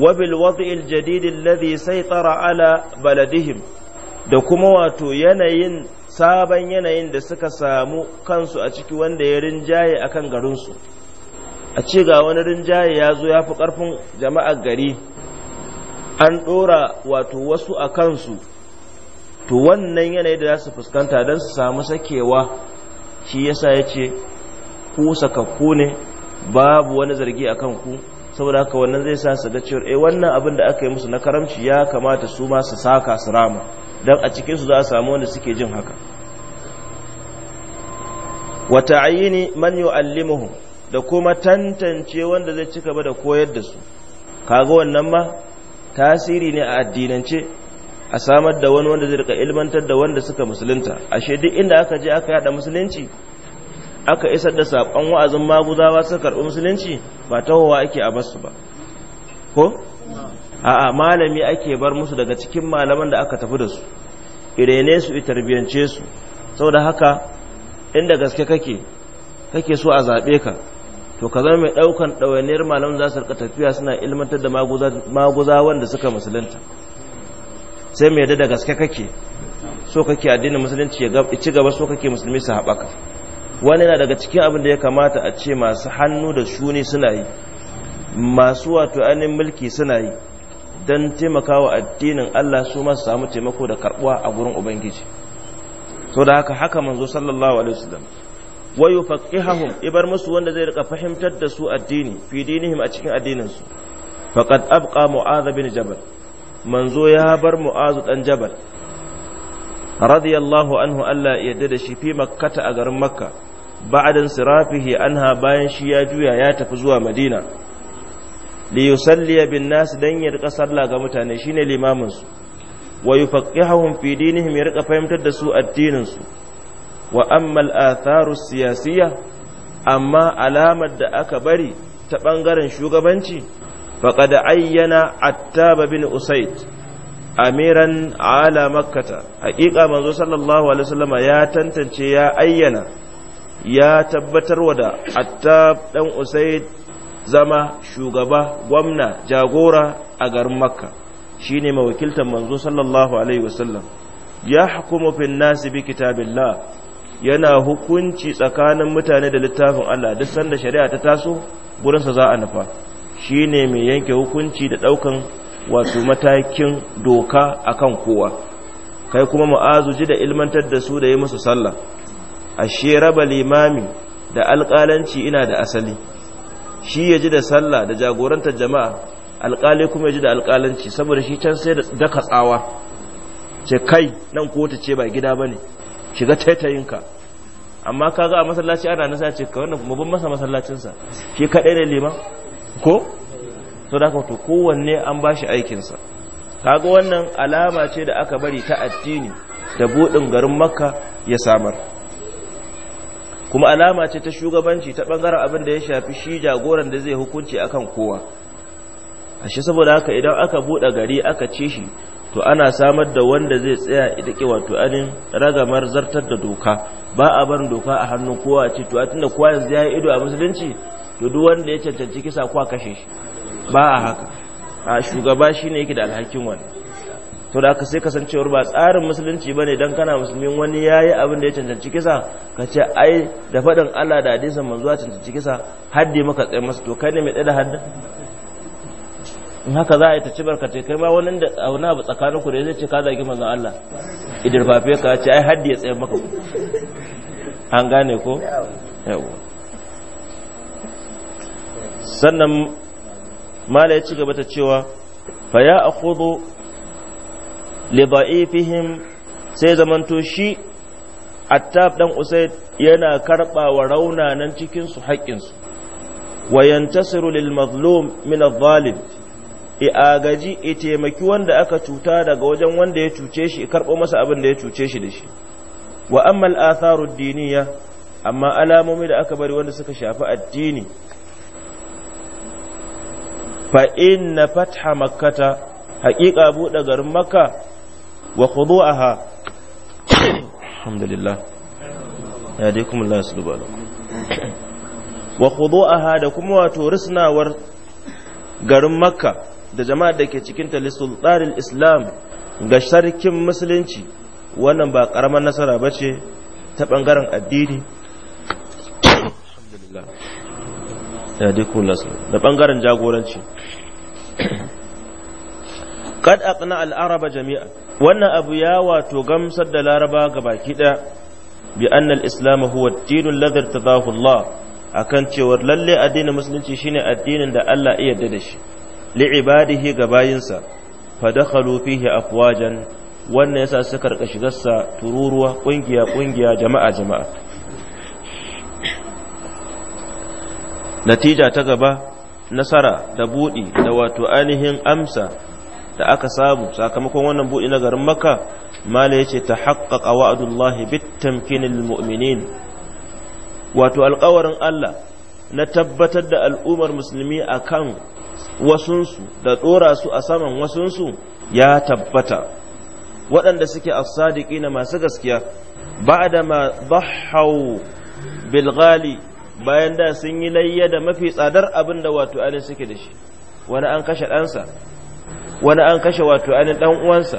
wa bil wad'il jadid alladhi saytara ala baladihim da kuma wato yanayin sabon yanayin da suka samu kansu a ciki wanda ya rinjaye akan garinsu a ce ga wani rinjaye ya zo ya fi ƙarfin jama'ar gari an ɗora wato wasu a kansu to wannan yanayi da za su fuskanta don su samu sakewa shi yasa ya ce ku sakakku ne babu wani zargi a kanku saboda haka wannan zai sa su ga cewa eh wannan abin da aka yi musu na karamci ya kamata su ma su saka su rama don a cikin su za a samu wanda suke jin haka wata ayini man yu'allimuhum da kuma tantance wanda zai ci gaba da koyar da su kaga wannan ma tasiri ne a addinance a samar da wani wanda zai rika ilmantar da wanda suka musulunta ashe duk inda aka je aka yada musulunci aka isar da saƙon wa'azin maguzawa suka karɓi musulunci ba ta hawa ake a basu ba ko a'a malami ake bar musu daga cikin malaman da aka tafi da su irene su tarbiyance su saboda haka inda gaske kake kake so a zaɓe ka to ka zama mai daukan ɗawainiyar malamin za su rika tafiya suna ilmantar da maguza wanda suka musulunta sai mai yadda da gaske kake so kake addinin musulunci ya ci gaba so kake musulmi su haɓaka wani na daga cikin abin da ya kamata a ce masu hannu da shuni suna yi masu wato ainihin mulki suna yi don taimakawa addinin Allah su masu samu taimako da karɓuwa a gurin Ubangiji so da haka haka manzo sallallahu alaihi wasallam wa yufaqqihahum ibar musu wanda zai rika fahimtar da su addini fi a cikin addinin su faqad abqa mu'adh bin jabal ya bar mu'adh dan jabal radiyallahu anhu Allah ya yarda da shi fi makkata a garin makka ba'dan sirafihi anha bayan shi ya juya ya tafi zuwa madina li yusalli bin nas dan ya rika sallah ga mutane shine limamin su wa yufaqqihuhum fi dinihim ya rika fahimtar da su addinin su wa ammal atharu siyasiya amma alamar da aka bari ta ɓangaren shugabanci da ayyana attaba bin usayd amiran ala makkata haƙiƙa manzo sallallahu alaihi wasallama ya tantance ya ayyana ya tabbatar wa da attab dan Usaid zama shugaba gwamna jagora a garin makka shine mawakiltar manzo sallallahu alaihi wasallam ya hukumu nasi bi kitabillah yana hukunci tsakanin mutane da littafin Allah duk sanda shari'a ta taso gurinsa za a nufa shi ne mai yanke hukunci da ɗaukan wato matakin doka a kan kowa kai kuma ma'azu ji da ilmantar da su da yi musu sallah ashe raba limami da alƙalanci ina da asali shi ya ji da sallah da jagorantar jama'a alƙali kuma ya ji da alƙalanci saboda shi can sai da daka tsawa ce kai nan kotu ce ba gida ba ne shiga taitayinka amma kaga a masallaci ana nasa ce ka wannan mabin masa masallacinsa shi kaɗai ne liman ko to da to kowanne an ba shi aikinsa ga wannan alama ce da aka bari ta addini da buɗin garin makka ya samar kuma alama ce ta shugabanci ta ɓangaren abin da ya shafi shi jagoran da zai hukunci akan kowa shi saboda haka idan aka buɗe gari aka ce shi to ana samar da wanda zai tsaya ita ke wato anin ragamar zartar da doka ba a barin doka a hannun kowa ce to a tunda kowa yanzu ya yi ido a musulunci to duk wanda ya cancanci kisa kowa kashe shi ba a haka a shugaba shi ne yake da alhakin wani to da aka sai kasancewar ba tsarin musulunci ba ne don kana musulmin wani ya yi abin da ya cancanci kisa ka ce ai da faɗin allah da hadisan manzo a cancanci kisa haddi maka tsaye masa to kai ne mai ɗaya da haddi. in haka za a yi ta ci barkatai kai ma wani da wani abu tsakanin ku da zai ce ka zagi manzon Allah idirfafe ka ce ai haddi ya tsaye maka an gane ko sannan mala ya ci gaba ta cewa fa ya akhudhu li da'ifihim sai zamanto shi attab dan usaid yana karba wa raunanan cikinsu haƙƙinsu wayan su lil mazlum min adh-dhalim i agaji i taimaki wanda aka cuta daga wajen wanda ya cuce shi i karɓo masa abin da ya cuce shi da shi wa ammal atharud diniya amma alamomi da aka bari wanda suka shafi addini fa inna fatha makkata haƙiƙa buɗe garin makka wa khudu'aha alhamdulillah ya dai kuma su wa ha da kuma wato risnawar garin makka da jama'ar da ke cikin ta sultanul islam ga sarkin musulunci wannan ba karamar nasara ba ce ta bangaren addini da bangaren jagoranci kad aqna al araba jami'a wannan abu ya wato gamsar da laraba ga baki daya bi anna al islam huwa ad-din alladhi irtadahu Allah akan cewar lalle addinin musulunci shine addinin da Allah ya yarda da shi li'ibadihi ga bayinsa fa dakhalu fihi afwajan wannan yasa suka karka shigarsa tururuwa kungiya kungiya jama'a jama'a natija ta gaba nasara da buɗe, da wato ainihin amsa da aka samu sakamakon wannan buɗe na garin makka mala yace ce ta bitamkinil mu'minin wato alƙawarin allah na tabbatar da al'ummar musulmi akan wasunsu da tsora su a saman wasunsu ya tabbata waɗanda suke asadiki na masu gaskiya ba da ma bahau bilgali bayan da sun yi layya da mafi tsadar abin da wato ainihin suke da shi wani an kashe ɗansa wani an kashe wato ainihin ɗan uwansa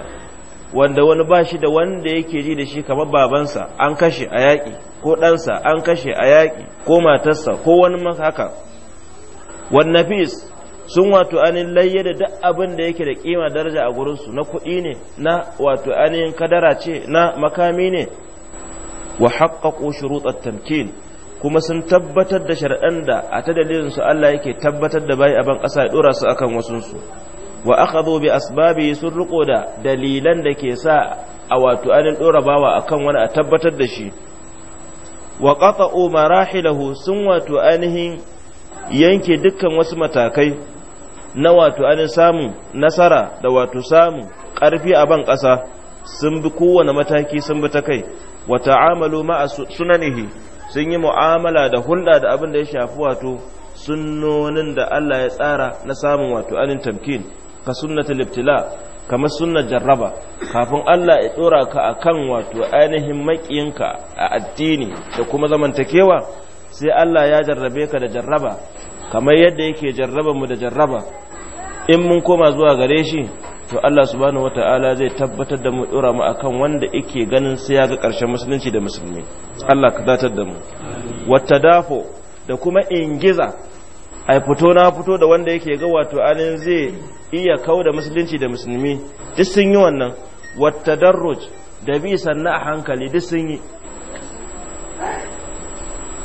wanda wani ba shi da wanda yake ji da shi kamar babansa an kashe a yaƙi ko ɗansa an kashe a yaƙi ko matarsa ko wani haka wannafis sun wato anin layye da duk abin da yake da kima daraja a gurinsu na kuɗi ne na wato anin kadara ce na makami ne wa haqqaqu shurutat tamkin kuma sun tabbatar da shar'an da a ta dalilin Allah yake tabbatar da bai aban ƙasa ya dora su akan wasun su wa akhadhu bi asbabi sun riƙo da dalilan da ke sa a wato anin dora bawa akan wani a tabbatar da shi wa qata'u marahilahu sun wato ainihin yanke dukkan wasu matakai na wato anin samun nasara da wato samun ƙarfi a ban ƙasa sun bi kowane mataki sun bi ta kai wa ta'amalu ma'a sunanihi sun yi mu'amala da hulɗa da abin da ya shafi wato sunnonin da Allah ya tsara na samun wato anin tamkin ka sunnatul ibtila kamar sunna jarraba kafin Allah ya tsora ka akan wato ainihin maƙiyinka a addini da kuma zamantakewa sai Allah ya jarrabe ka da jarraba kamar yadda yake jarraba mu da jarraba in mun koma zuwa gare shi to Allah subhanahu wata'ala zai tabbatar da mu dora mu akan wanda yake ganin sai ya ga ƙarshen musulunci da musulmi Allah ka datar da mu dafo da kuma ingiza ai fito na fito da wanda yake ga wato alin zai iya kauda musulunci da musulmi duk sun yi wannan darruj da bi sannan a hankali duk sun yi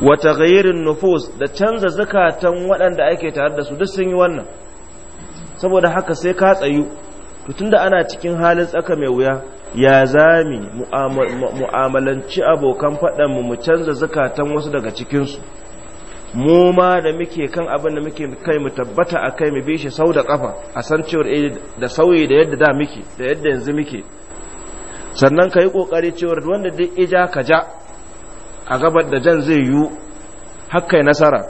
wa taghayyirin nufus da canza zakatan waɗanda ake tare da su duk sun yi wannan saboda haka sai ka tsayu to tunda ana cikin halin tsaka mai wuya ya zami mu'amalanci abokan faɗan mu canza zakatan wasu daga cikinsu mu ma da muke kan abin da muke kai mu tabbata a kai mu bi shi sau da kafa a san cewar eh, da sauyi da yadda da muke da yadda yanzu muke sannan ka yi ƙoƙari cewar wanda duk ija ka ja a gabar da jan zai yiwu hakkai nasara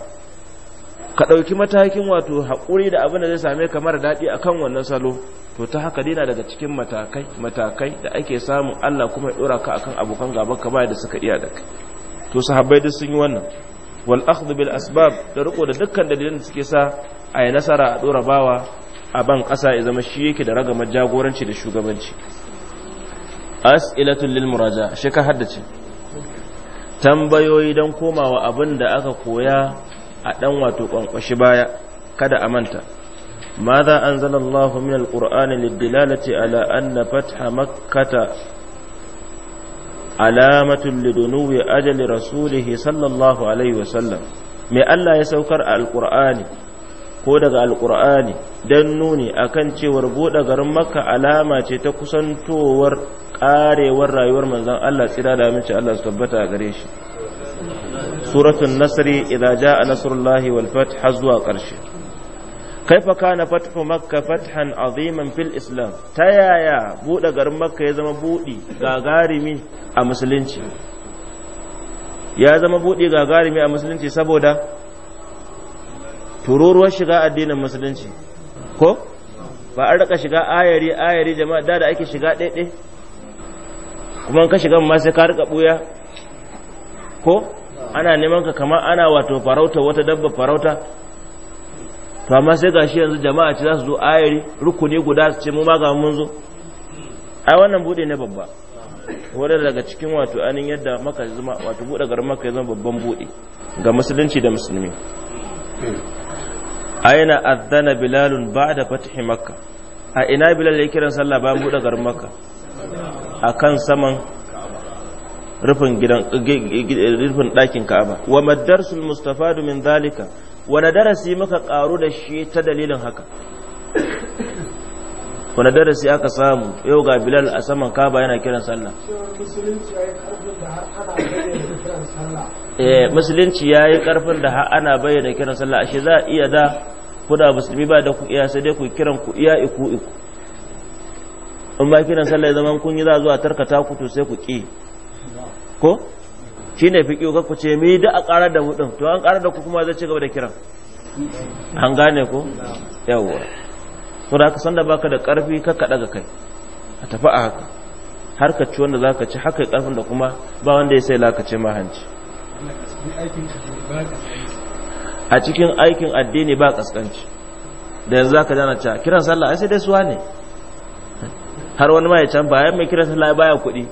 ka ɗauki matakin wato haƙuri da abin da zai same ka mara daɗi a kan wannan salo to ta haka dina daga cikin matakai matakai da ake samun Allah kuma ya ɗora ka akan abokan gaban ka baya da suka iya da kai to sahabbai duk sun yi wannan wal akhdhu bil asbab da riko da dukkan dalilan da suke sa a yi nasara a ɗora bawa a ban ƙasa ya zama shi yake da ragamar jagoranci da shugabanci as'ilatul lil muraja shi ka haddace tambayoyi don komawa abin da aka koya a ɗan wato ƙwanƙwashi baya kada a manta ma za an zana allahu min alƙur'ani liddilalati ala anna fatha makkata alamatun lidunuwi ajali rasulihi sallallahu alaihi wasallam mai allah ya saukar a alƙur'ani al ko daga alkur'ani don nuni akan cewar buɗe garin makka alama ce ta kusantowar ƙarewar rayuwar manzon Allah tsira da aminci Allah su tabbata a gare shi suratun nasri idza jaa nasrullahi wal fath har zuwa ƙarshe fa kana fathu makka fathan aziman fil islam ta yaya buɗe garin makka ya zama buɗi gagarimi a musulunci ya zama buɗe gagarumi a musulunci saboda tururuwar shiga addinin musulunci ko ba a rika shiga ayari ayari jama'a da da ake shiga ɗaiɗe kuma ka shiga ma sai ka rika ɓuya ko ana neman ka kama ana wato farauta wata dabba farauta to amma sai gashi yanzu jama'a ce za su zo ayari rukuni guda su ce mu ma ga mun zo ai wannan bude ne babba wadanda daga cikin wato anin yadda maka zama wato bude garin maka ya zama babban bude ga musulunci da musulmi aina adana bilalun ba da fatihi makka a ina bilal ya kiran sallah ba buɗe garin makka a kan saman rufin gidan rufin ɗakin ka'aba wa madarsul mustafadu min zalika wani darasi maka ƙaru da shi ta dalilin haka wani darasi aka samu yau ga bilal a saman kaba yana kiran sallah eh, musulunci ya yi karfin da ana bayyana kiran sallah ashe za a iya da ku da musulmi ba da ku iya sai dai ku kiran ku iya iku iku in ba kiran sallah zaman kun yi za zuwa tarkata ku to sai ku ki ko shine fiqihu ka ku ce me da a ƙara da mu din to an ƙara da ku kuma zai ci gaba da kiran an gane ko yawwa to da ka san da baka da ƙarfi ka kada daga kai a tafi a haka har ka ci wanda zaka ci haka ƙarfin da kuma ba wanda ya sai lakace ma hanci a cikin aikin addini ba kaskanci da yanzu zaka jana cewa kiran sallah ai sai dai suwa ne har wani ma ya can bayan mai kiran sallah baya kuɗi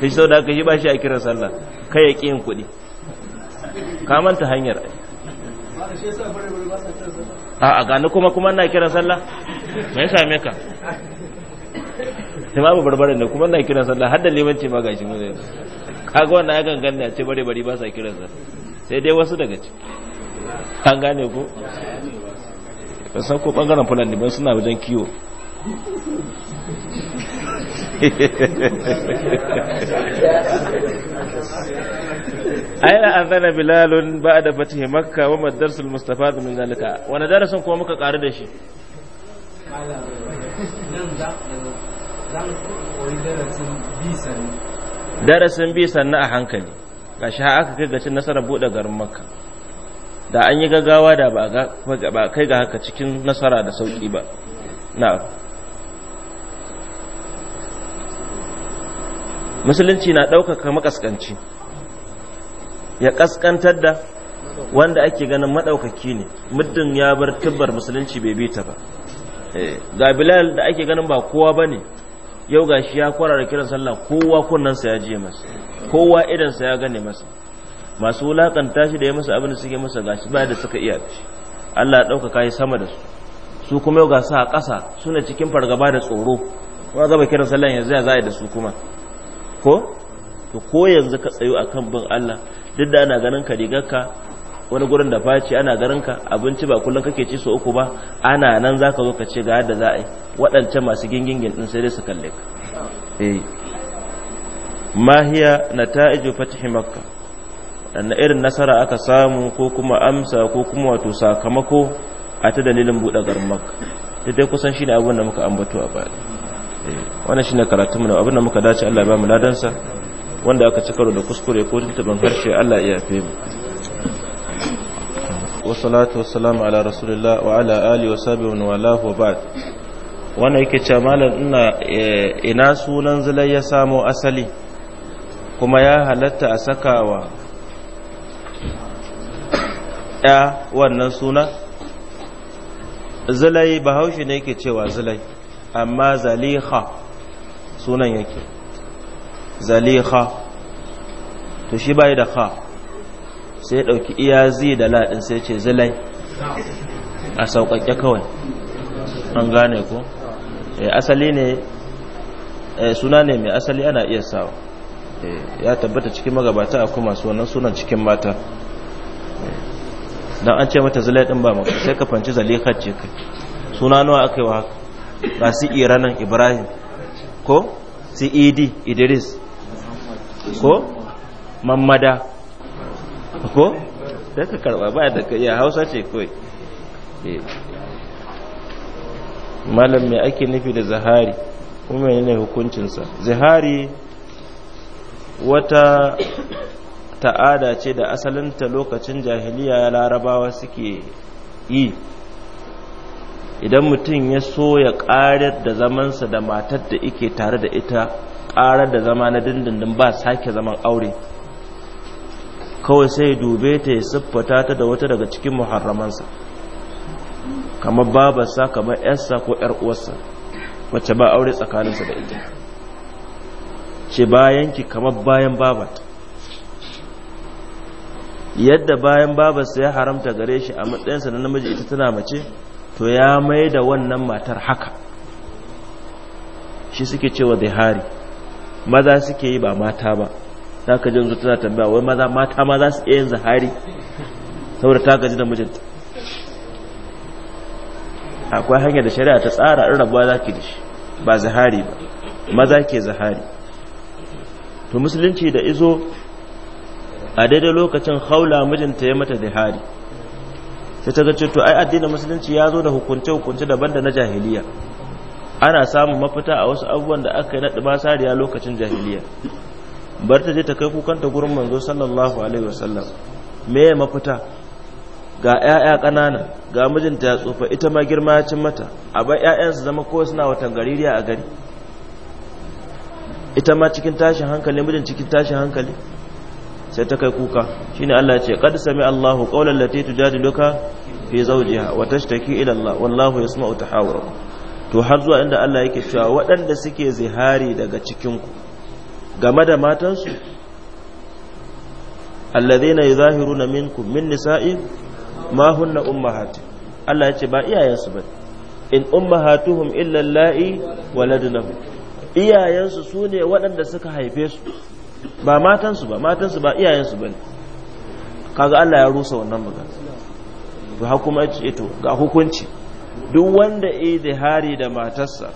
shi sau da aka shi ba shi a kiran sallah kai ya ƙi yin kuɗi ka manta hanyar ai a gani kuma kuma na kiran sallah mai same ka ba barbarin da kuma na kiran sallah har da limanci ma gashi mu zai kaga wannan ya gangan ne a ce bare bari ba sa kiran sallah sai dai wasu daga ci an gane ko san ko bangaren fulani ban suna wajen kiwo aina azana bilalun ba'da fatihi makka wa madarsul mustafa min zalika wani darasin kuma muka karu da shi darasin bi sannan a hankali gashi aka kai ga cin nasarar buɗe garin makka da an yi gaggawa da ba kai ga haka cikin nasara da sauƙi ba na musulunci na ɗaukaka makaskanci ya ƙasƙantar da wanda ake ganin maɗaukaki ne muddin ya bar tubbar musulunci bai bi ta ba eh, ga bilal da ake ganin ba kowa ba ne yau ga shi ya kwarara kiran sallah kowa kunnansa ya je masa kowa idansa ya gane masa masu wulakanta shi da ya masa abin da suke masa gashi ba da suka iya ci Allah ya ɗaukaka ya sama da su su kuma yau gasa a ƙasa suna cikin fargaba da tsoro wa gaba kiran sallah yanzu ya za da su kuma ko to ko yanzu ka tsayo akan bin Allah duk da ana ganin ka rigarka wani gurin da faci ana garinka abinci ba kullum kake ci su uku ba ana nan za ka zo ka ce ga yadda za a yi waɗancan masu gingingin ɗin sai dai su kalle ka eh. mahiya na ta'iju fatihi makka na irin nasara aka samu ko kuma amsa ko kuma wato sakamako a ta dalilin buɗe garin makka dai kusan shi ne abin da muka ambato a baya eh. wannan shi ne karatunmu na abin da muka dace allah ba mu ladansa wanda aka ci karo da kuskure ko tuntuban harshe allah ya yafe mu wasalatu wasalam ala rasulillah wa ala ali wa sabi wa walahu wa ba'd wannan yake cewa malam ina eh, ina sunan zulai ya samo asali kuma ya halatta a sakawa ya wannan suna zulai bahaushe ne yake cewa zulai amma zaliha sunan yake zaliha to shi bai da kha sai ya ɗauki iya zi da laɗin sai ce zilai a sauƙaƙe kawai an gane ko eh, asali ne eh, suna ne mai asali ana iya sawa eh, ya tabbata cikin magabata a kuma su wannan sunan cikin mata don an ce mata zilai ɗin ba maka sai ka fanci zalikar ce kai suna nawa aka yi wa haka ba su iranan ibrahim ko su idris ko mammada ko sai ka karba ba da ka iya hausa ce kawai eh. malam mai ake nufi da zahari kuma ne hukuncinsa zahari wata ta'ada ce da asalinta lokacin jahiliya larabawa suke yi idan mutum ya so ya ƙarar da zamansa da matar da ike tare da ita ƙarar da zama na dindindin ba sake zaman aure kawai sai dube ta ya siffata ta da wata daga cikin muharramansa kamar babarsa kamar yarsa ko yar'uwarsa wacce ba aure tsakaninsa da ita ce bayan ki kamar bayan babat yadda bayan babarsa ya haramta gare shi a matsayinsa na namiji ita tana mace to ya mai da wannan matar haka shi suke cewa hari maza suke yi ba mata ba za ka jin tana tambaya wai mata ma za su iya yin zahari saboda ta gaji da mijinta akwai hanyar da shari'a ta tsara in rabuwa za ki da shi ba zahari ba maza ke zahari to musulunci da izo a daidai lokacin haula mijinta ya mata zahari sai ta gace to ai addinin musulunci ya zo da hukunce-hukunce daban da na jahiliya ana samun mafita a wasu abubuwan da aka yi na ɗuma sariya lokacin jahiliya bar ta je ta kai kukanta gurin manzo sallallahu alaihi wasallam me ya mafita ga 'ya'ya ƙanana ga mijinta ya tsufa ita ma girma ya cin mata a bar su zama kowai suna watan gaririya a gari ita ma cikin tashin hankali mijin cikin tashin hankali sai ta kai kuka shine Allah ya ce qad sami Allahu qawlan lati tujadiluka fi zawjiha wa tashtaki ila Allah wallahu yasma'u tahawurakum to har zuwa inda Allah yake cewa waɗanda suke zihari daga cikin ku game da matansu allazina yuzahiruna minkum min nisa'i ma hunna ummahati Allah ya ce ba iyayensu ba in ummahatuhum illa allai waladnahum iyayensu sune waɗanda suka haife su ba matansu ba matansu ba iyayensu Ka kaga Allah ya rusa wannan magana to ha ce eh to ga hukunci duk wanda idhari da matarsa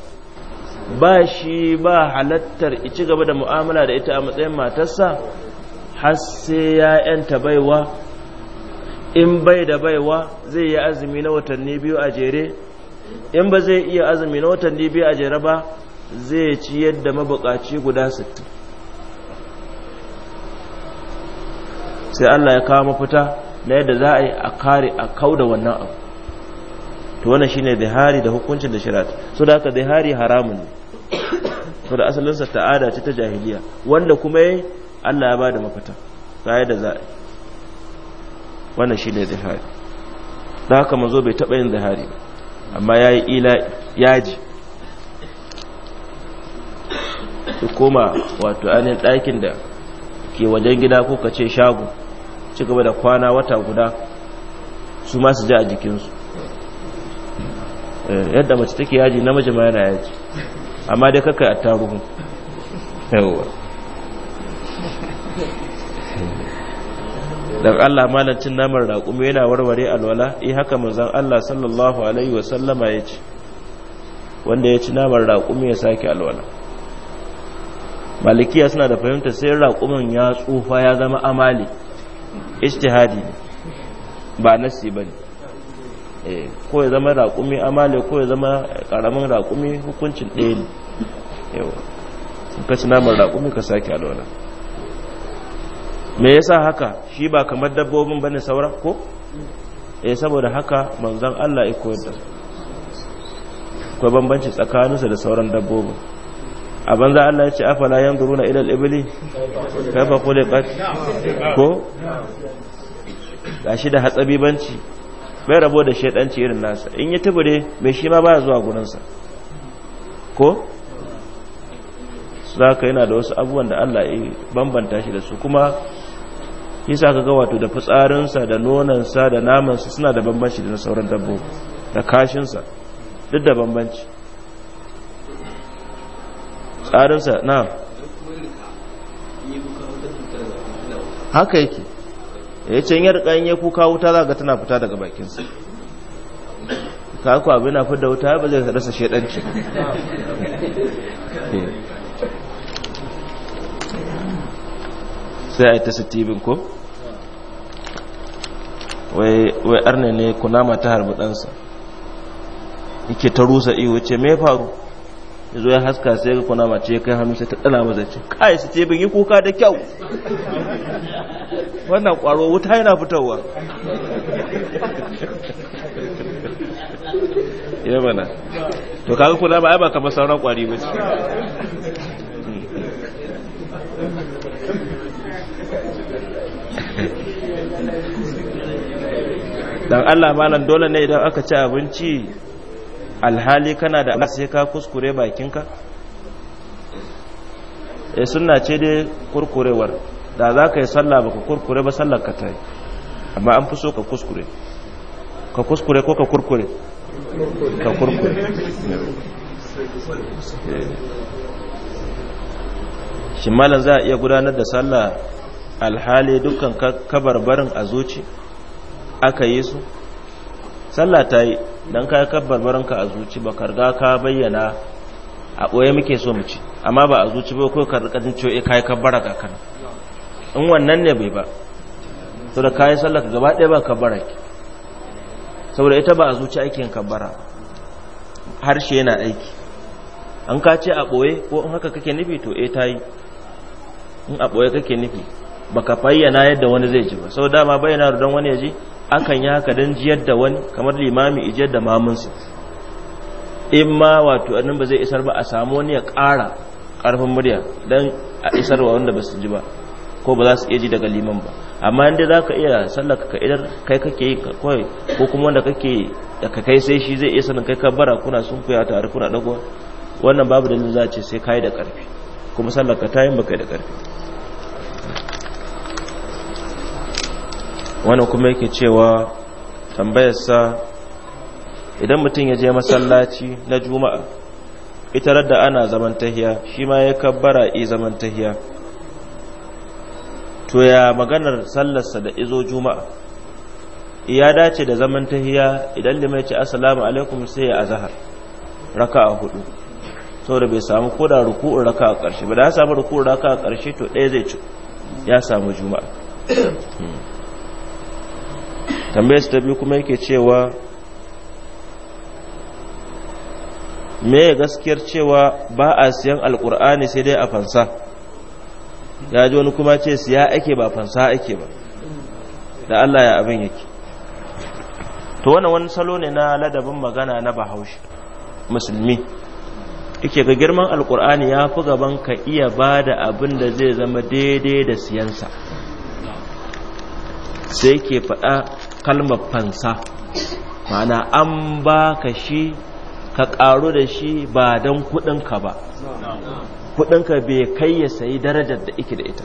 ba shi ba halattar ci gaba da mu'amala da ita a matsayin matarsa har sai ya yanta baiwa in bai da baiwa zai yi azumi na watanni biyu a jere in ba zai iya azumi na watanni biyu a jere ba zai ci yadda mabukaci guda sittin sai Allah ya kawo mafita na yadda za a yi a kare a kau da wannan abu to wannan shine hari da hukuncin da shirata, so da haka hari haramun ne to da asalinsa ta'ada ce ta jahiliya wanda kuma yi, Allah ya bada mafita ga yadda za wannan shine zahari da haka zo bai taba yin zihari amma yayi ila yaji koma wato ainihin ɗakin da ke wajen gida ko ka ce shago ci gaba da kwana wata guda su masu ji a jikinsu eh, yadda mace take yaji namiji ma yana yaji amma dai a attaruhu yawa daga Allah malancin naman raƙumi yana warware alwala yi eh, haka manzon Allah sallallahu alaihi wa ya ce wanda ya ci naman raƙumi ya sake alwala malikiya suna da fahimta sai raƙumin ya tsufa ya zama amali ijtihadi ba nasi ba ne Eh, ko ya zama raƙumi amale ko ya zama ƙaramin raƙumi hukuncin ɗaya ne ka ci raƙumi ka sake alwala me yasa haka shi ba kamar dabbobin bane saura ko eh saboda haka manzan Allah ya koyar da ko bambanci tsakaninsa da sauran dabbobin a banza Allah ya ce afala duruna ila al-ibli kaifa khuliqat ko gashi da banci. bai rabo da shaidanci irin nasa in ya tubure mai shi ma baya zuwa gurinsa ko za ka yana da wasu abubuwan da Allah ya bambanta shi da su kuma yasa ka ga wato da fitsarinsa da nonansa da namansa suna da bambanci da na sauran dabbo da kashinsa duk da bambanci tsarinsa na haka yake ya ce ya rika ya kuka wuta za ga tana fita daga bakinsa ka ku abu na fidda wuta ba zai rasa shaidanci eh. sai a yi ta sitibin ko wai arne ne kunama ta harbi ɗansa yake ta rusa iyo ce me faru ya zo ya haska sai ga kunama ce kai hannu sai ta ɗana maza ce kai sitibin yi kuka da kyau wannan kwaro wuta yana fitowa ya mana to kaga kula ba ai ba kamar sauran kwari ba ce dan Allah malam dole ne idan aka ci abinci alhali kana da Allah sai ka kuskure bakinka eh sunna ce dai kurkurewar da za ka yi sallah ba ka kurkure ba sallar ka ta yi amma an fi so ka kuskure ka kuskure ko ka kurkure ka kurkure eh. shi malam za a iya gudanar da sallah alhali dukkan kabarbarin a zuci aka yi su sallah ta yi don ka kabarbarin ka a zuci ba karga ka bayyana a ɓoye muke so mu ci amma ba a zuci ba ko karkajin ciwo eh, ka yi kabbara kakan in wannan ne bai ba to da kayan sallah ka gaba ɗaya ba bara ki saboda ita ba a zuci aikin ka bara. harshe yana aiki an ka ce a ɓoye ko in haka kake nufi to eh ta yi in a ɓoye kake nufi baka bayyana yadda wani zai ji ba sau dama bayyana don wani ya ji akan yi haka don jiyar da wani kamar limami ijiyar da mamunsa in ma wato annan ba zai isar ba a samu wani ya ƙara ƙarfin murya don a isar wa wanda ba su ji ba ko ba za su iya ji daga liman ba amma inda za ka iya sallar ka idan kai kake yi kawai ko kuma wanda kake da ka kai sai shi zai iya sanin kai ka bara kuna sun kuya tare kuna dago wannan babu dalilin za a ce sai kai da karfi kuma sallar ka tayin baka da karfi wannan kuma yake cewa tambayar sa idan mutum ya je masallaci na juma'a ita da ana zaman tahiya shi ma ya kabbara i zaman tahiya to ya maganar sallarsa da izo juma'a ya dace da zaman tahiya idan limai ce assalamu alaikum sai ya azhar raka'a hudu saboda bai samu koda ruku'un raka'a karshe ba da ya samu ruku'un raka'a karshe to ɗaya zai ci ya samu juma'a hmm. tambayar su ta biyu kuma yake cewa me gaskiyar cewa ba a siyan alkur'ani sai dai a fansa ya ji wani kuma ce siya ake ba fansa ake ba da Allah ya abin yake to wani wani salo ne na ladabin magana na bahaushe musulmi yake ga girman alkur'ani ya fi gaban ka iya ba da abin da zai zama daidai da siyansa sai ke faɗa kalmar fansa mana an ba ka shi ka ƙaru da shi ba don kuɗinka ba kudinka bai kai ya sayi darajar da ike da ita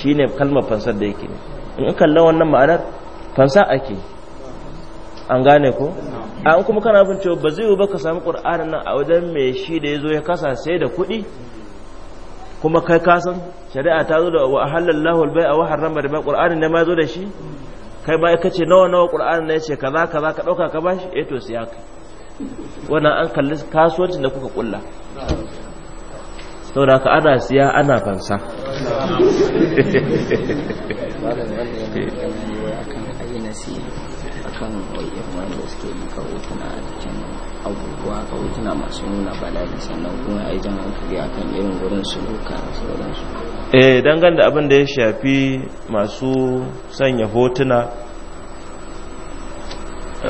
shine kalmar fansar da yake ne in kalla wannan ma'anar fansa ake an gane ko an kuma kana bin cewa ba zai yi ba ka samu ƙur'anin nan a wajen mai shi da ya zo ya kasa sai da kuɗi kuma kai kasan shari'a ta zo da wa halallahu albai a wahar ramar da ƙur'anin ne ma zo da shi kai ba ka ce nawa nawa ƙur'anin ne ce kaza kaza ka ɗauka ka bashi eh to siya ka wannan an kalli kasuwancin da kuka kulla saboda ka ana siya ana fansa akan wajen wanda suke yi ka hotuna a cikin abubuwa ka hotuna masu nuna bala'i sannan kuma a yi jan hankali akan irin wurin su duka da sauransu eh dangan da abin da ya shafi masu sanya hotuna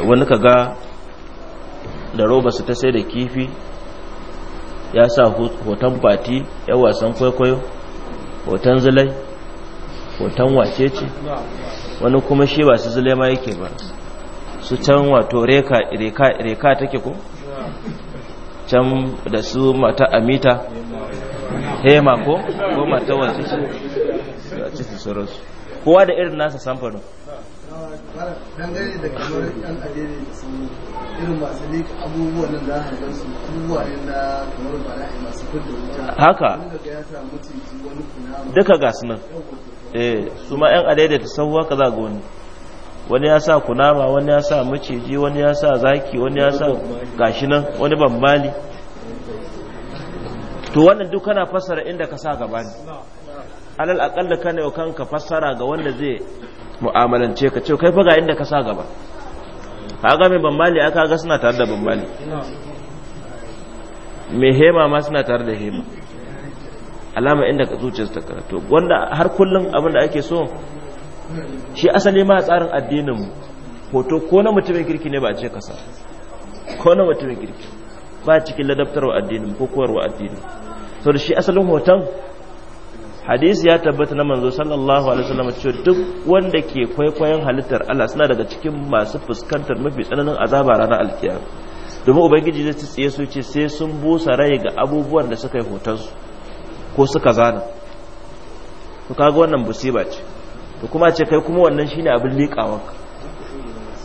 wani ka ga da roba su ta sai da kifi ya sa hoton fati ya wasan kwaikwayo hoton zulai hoton wacece wani kuma shi ba su zulai ma yake ba su can wato reka take ko can da su mata amita hema ko ko mata wacece su? Su sauransu kowa da irin nasa samfarin dangane da kamar yan ajiyar irin masu abubuwan nan su na kamar bala'i masu fidda wuta haka duka ga su nan eh su ma yan adaidaita sahu haka za ga wani wani ya sa kunama wani ya sa maciji wani ya sa zaki wani ya sa gashi nan wani bambali to wannan duk kana fassara inda ka sa gaba ne alal akalla kana yau kanka fassara ga wanda zai mu'amalance ka ce kai fa ga inda ka sa gaba kaga mai bambali aka ga suna tare da bambali mai hema ma suna tare da hema alama inda ka su ta karatu wanda har kullum abin da ake so shi asali ma tsarin addinin hoto ko na mutumin kirki ne ba a ce kasa ko na mutumin kirki ba cikin ladabtarwa addinin ko koyarwa addinin sau da shi asalin hoton hadisi ya tabbata na manzo sallallahu alaihi wasallam cewa duk wanda ke kwaikwayon halittar Allah suna daga cikin masu fuskantar mafi tsananin azaba ranar alkiyama domin ubangiji zai tsiye su ce sai sun busa rai ga abubuwan da suka yi hoton su ko suka zana to kaga wannan musiba ce to kuma ce kai kuma wannan shine abin liƙawanka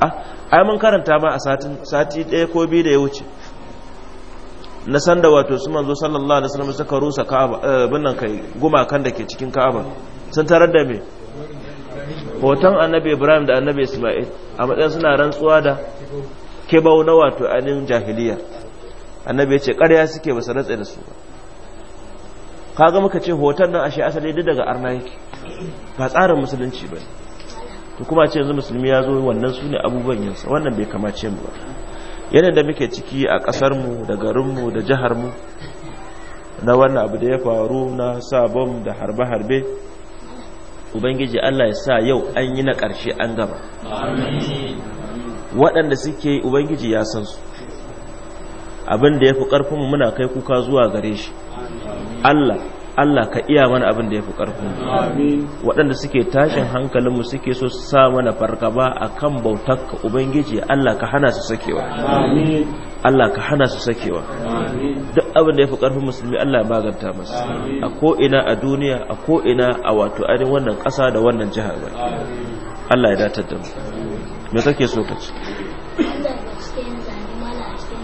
a ah, ai mun karanta ma a satin sati ɗaya ko biyu da ya wuce na sanda wato su manzo sallallahu alaihi wasallam suka rusa ka'aba eh, abin nan kai gumakan da ke cikin ka'aba sun tarar da me hoton annabi ibrahim da annabi isma'il a matsayin suna rantsuwa da kebau na wato ainihin jahiliya annabi ya ce ƙarya suke ba su rantsa da su kaga muka ce hoton nan ashe asali duk daga arna ba tsarin musulunci ba to kuma ce yanzu musulmi ya zo wannan su ne abubuwan yansa wannan bai kamace mu ba yanayin da muke ciki a ƙasarmu da garinmu da jiharmu na wannan abu da ya faru na sabon da harbe-harbe ubangiji allah ya sa yau an yi na ƙarshe an gaba waɗanda suke ubangiji ya san su abin ya fi ƙarfinmu muna kai kuka zuwa gare shi allah Allah ka iya mana abin da ya fi ƙarfi waɗanda suke tashin hankalinmu suke so su sa mana fargaba a kan ka ubangiji Allah ka hana su sakewa Allah ka hana su sakewa duk abin da ya fi ƙarfin musulmi Allah ya baganta masu a ko'ina a duniya a ko'ina a wato ainihin wannan ƙasa da wannan jihar bai Allah ya datar da mu me kake so ka ci kuma wanda suke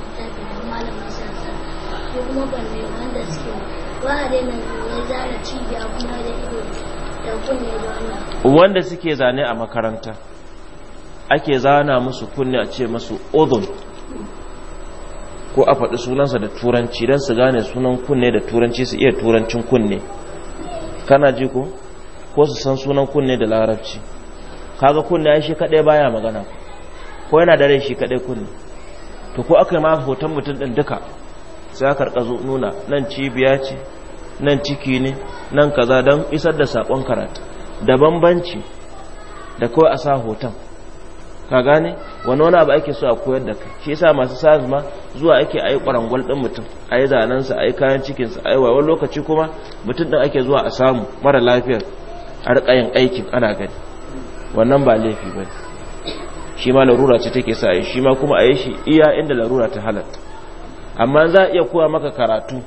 wanda suke zane a makaranta ake zana musu kunne a ce musu odun ko a faɗi sunansa da turanci don su gane sunan kunne da turanci su iya turancin kunne kana ji ko ko su san sunan kunne da larabci kaga kunne ya shi kaɗai baya magana ko yana da rai shi kaɗai kunne to ko aka yi ma hoton mutum ɗin duka sai aka zo nuna nan cibiya ce nan ciki ne nan kaza don isar da sakon karatu da bambanci da kawai a sa hoton ka gane wani wani abu ake so a koyar da kai shi yasa masu sa ma zuwa ake ayi kwarangwal din mutum ayi zanen sa ayi kayan cikin sa ayi wani lokaci kuma mutum ɗin ake zuwa a samu mara lafiyar a aikin ana gani wannan ba laifi ba shi ma larura ce take sa shi ma kuma ayi shi iya inda larura ta halatta amma za a iya koya maka karatu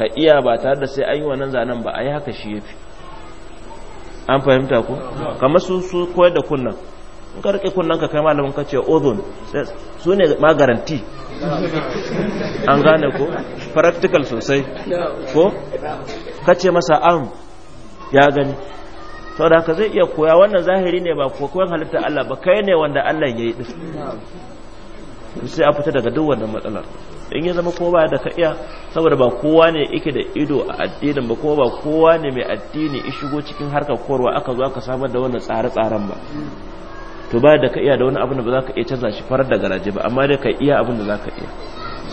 ka iya ba tare da sai an yi wannan zanen ba a yi haka shi ya fi an fahimta ku kamar su su koyar da kunnan in ka rike kunnan ka kai malamin ka ce ozon su ne ma garanti an gane ko practical sosai ko ka ce masa am ya gani da haka zai iya koya wannan zahiri ne ba ko koyon halitta Allah ba kai ne wanda Allah ya yi din sai a fita daga duk wannan matsalar in ya zama kowa da ka iya saboda ba kowa ne yake da ido a addinin ba kowa ba kowa ne mai addini ya shigo cikin harkar korwa aka zo aka samar da wannan tsare-tsaren ba to ba da ka iya da wani abin da ba za ka iya canza shi farar da garaje ba amma dai ka iya abin da za ka iya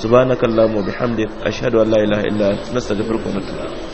subhanakallahumma bihamdika ashhadu an la ilaha illa anta astaghfiruka wa atubu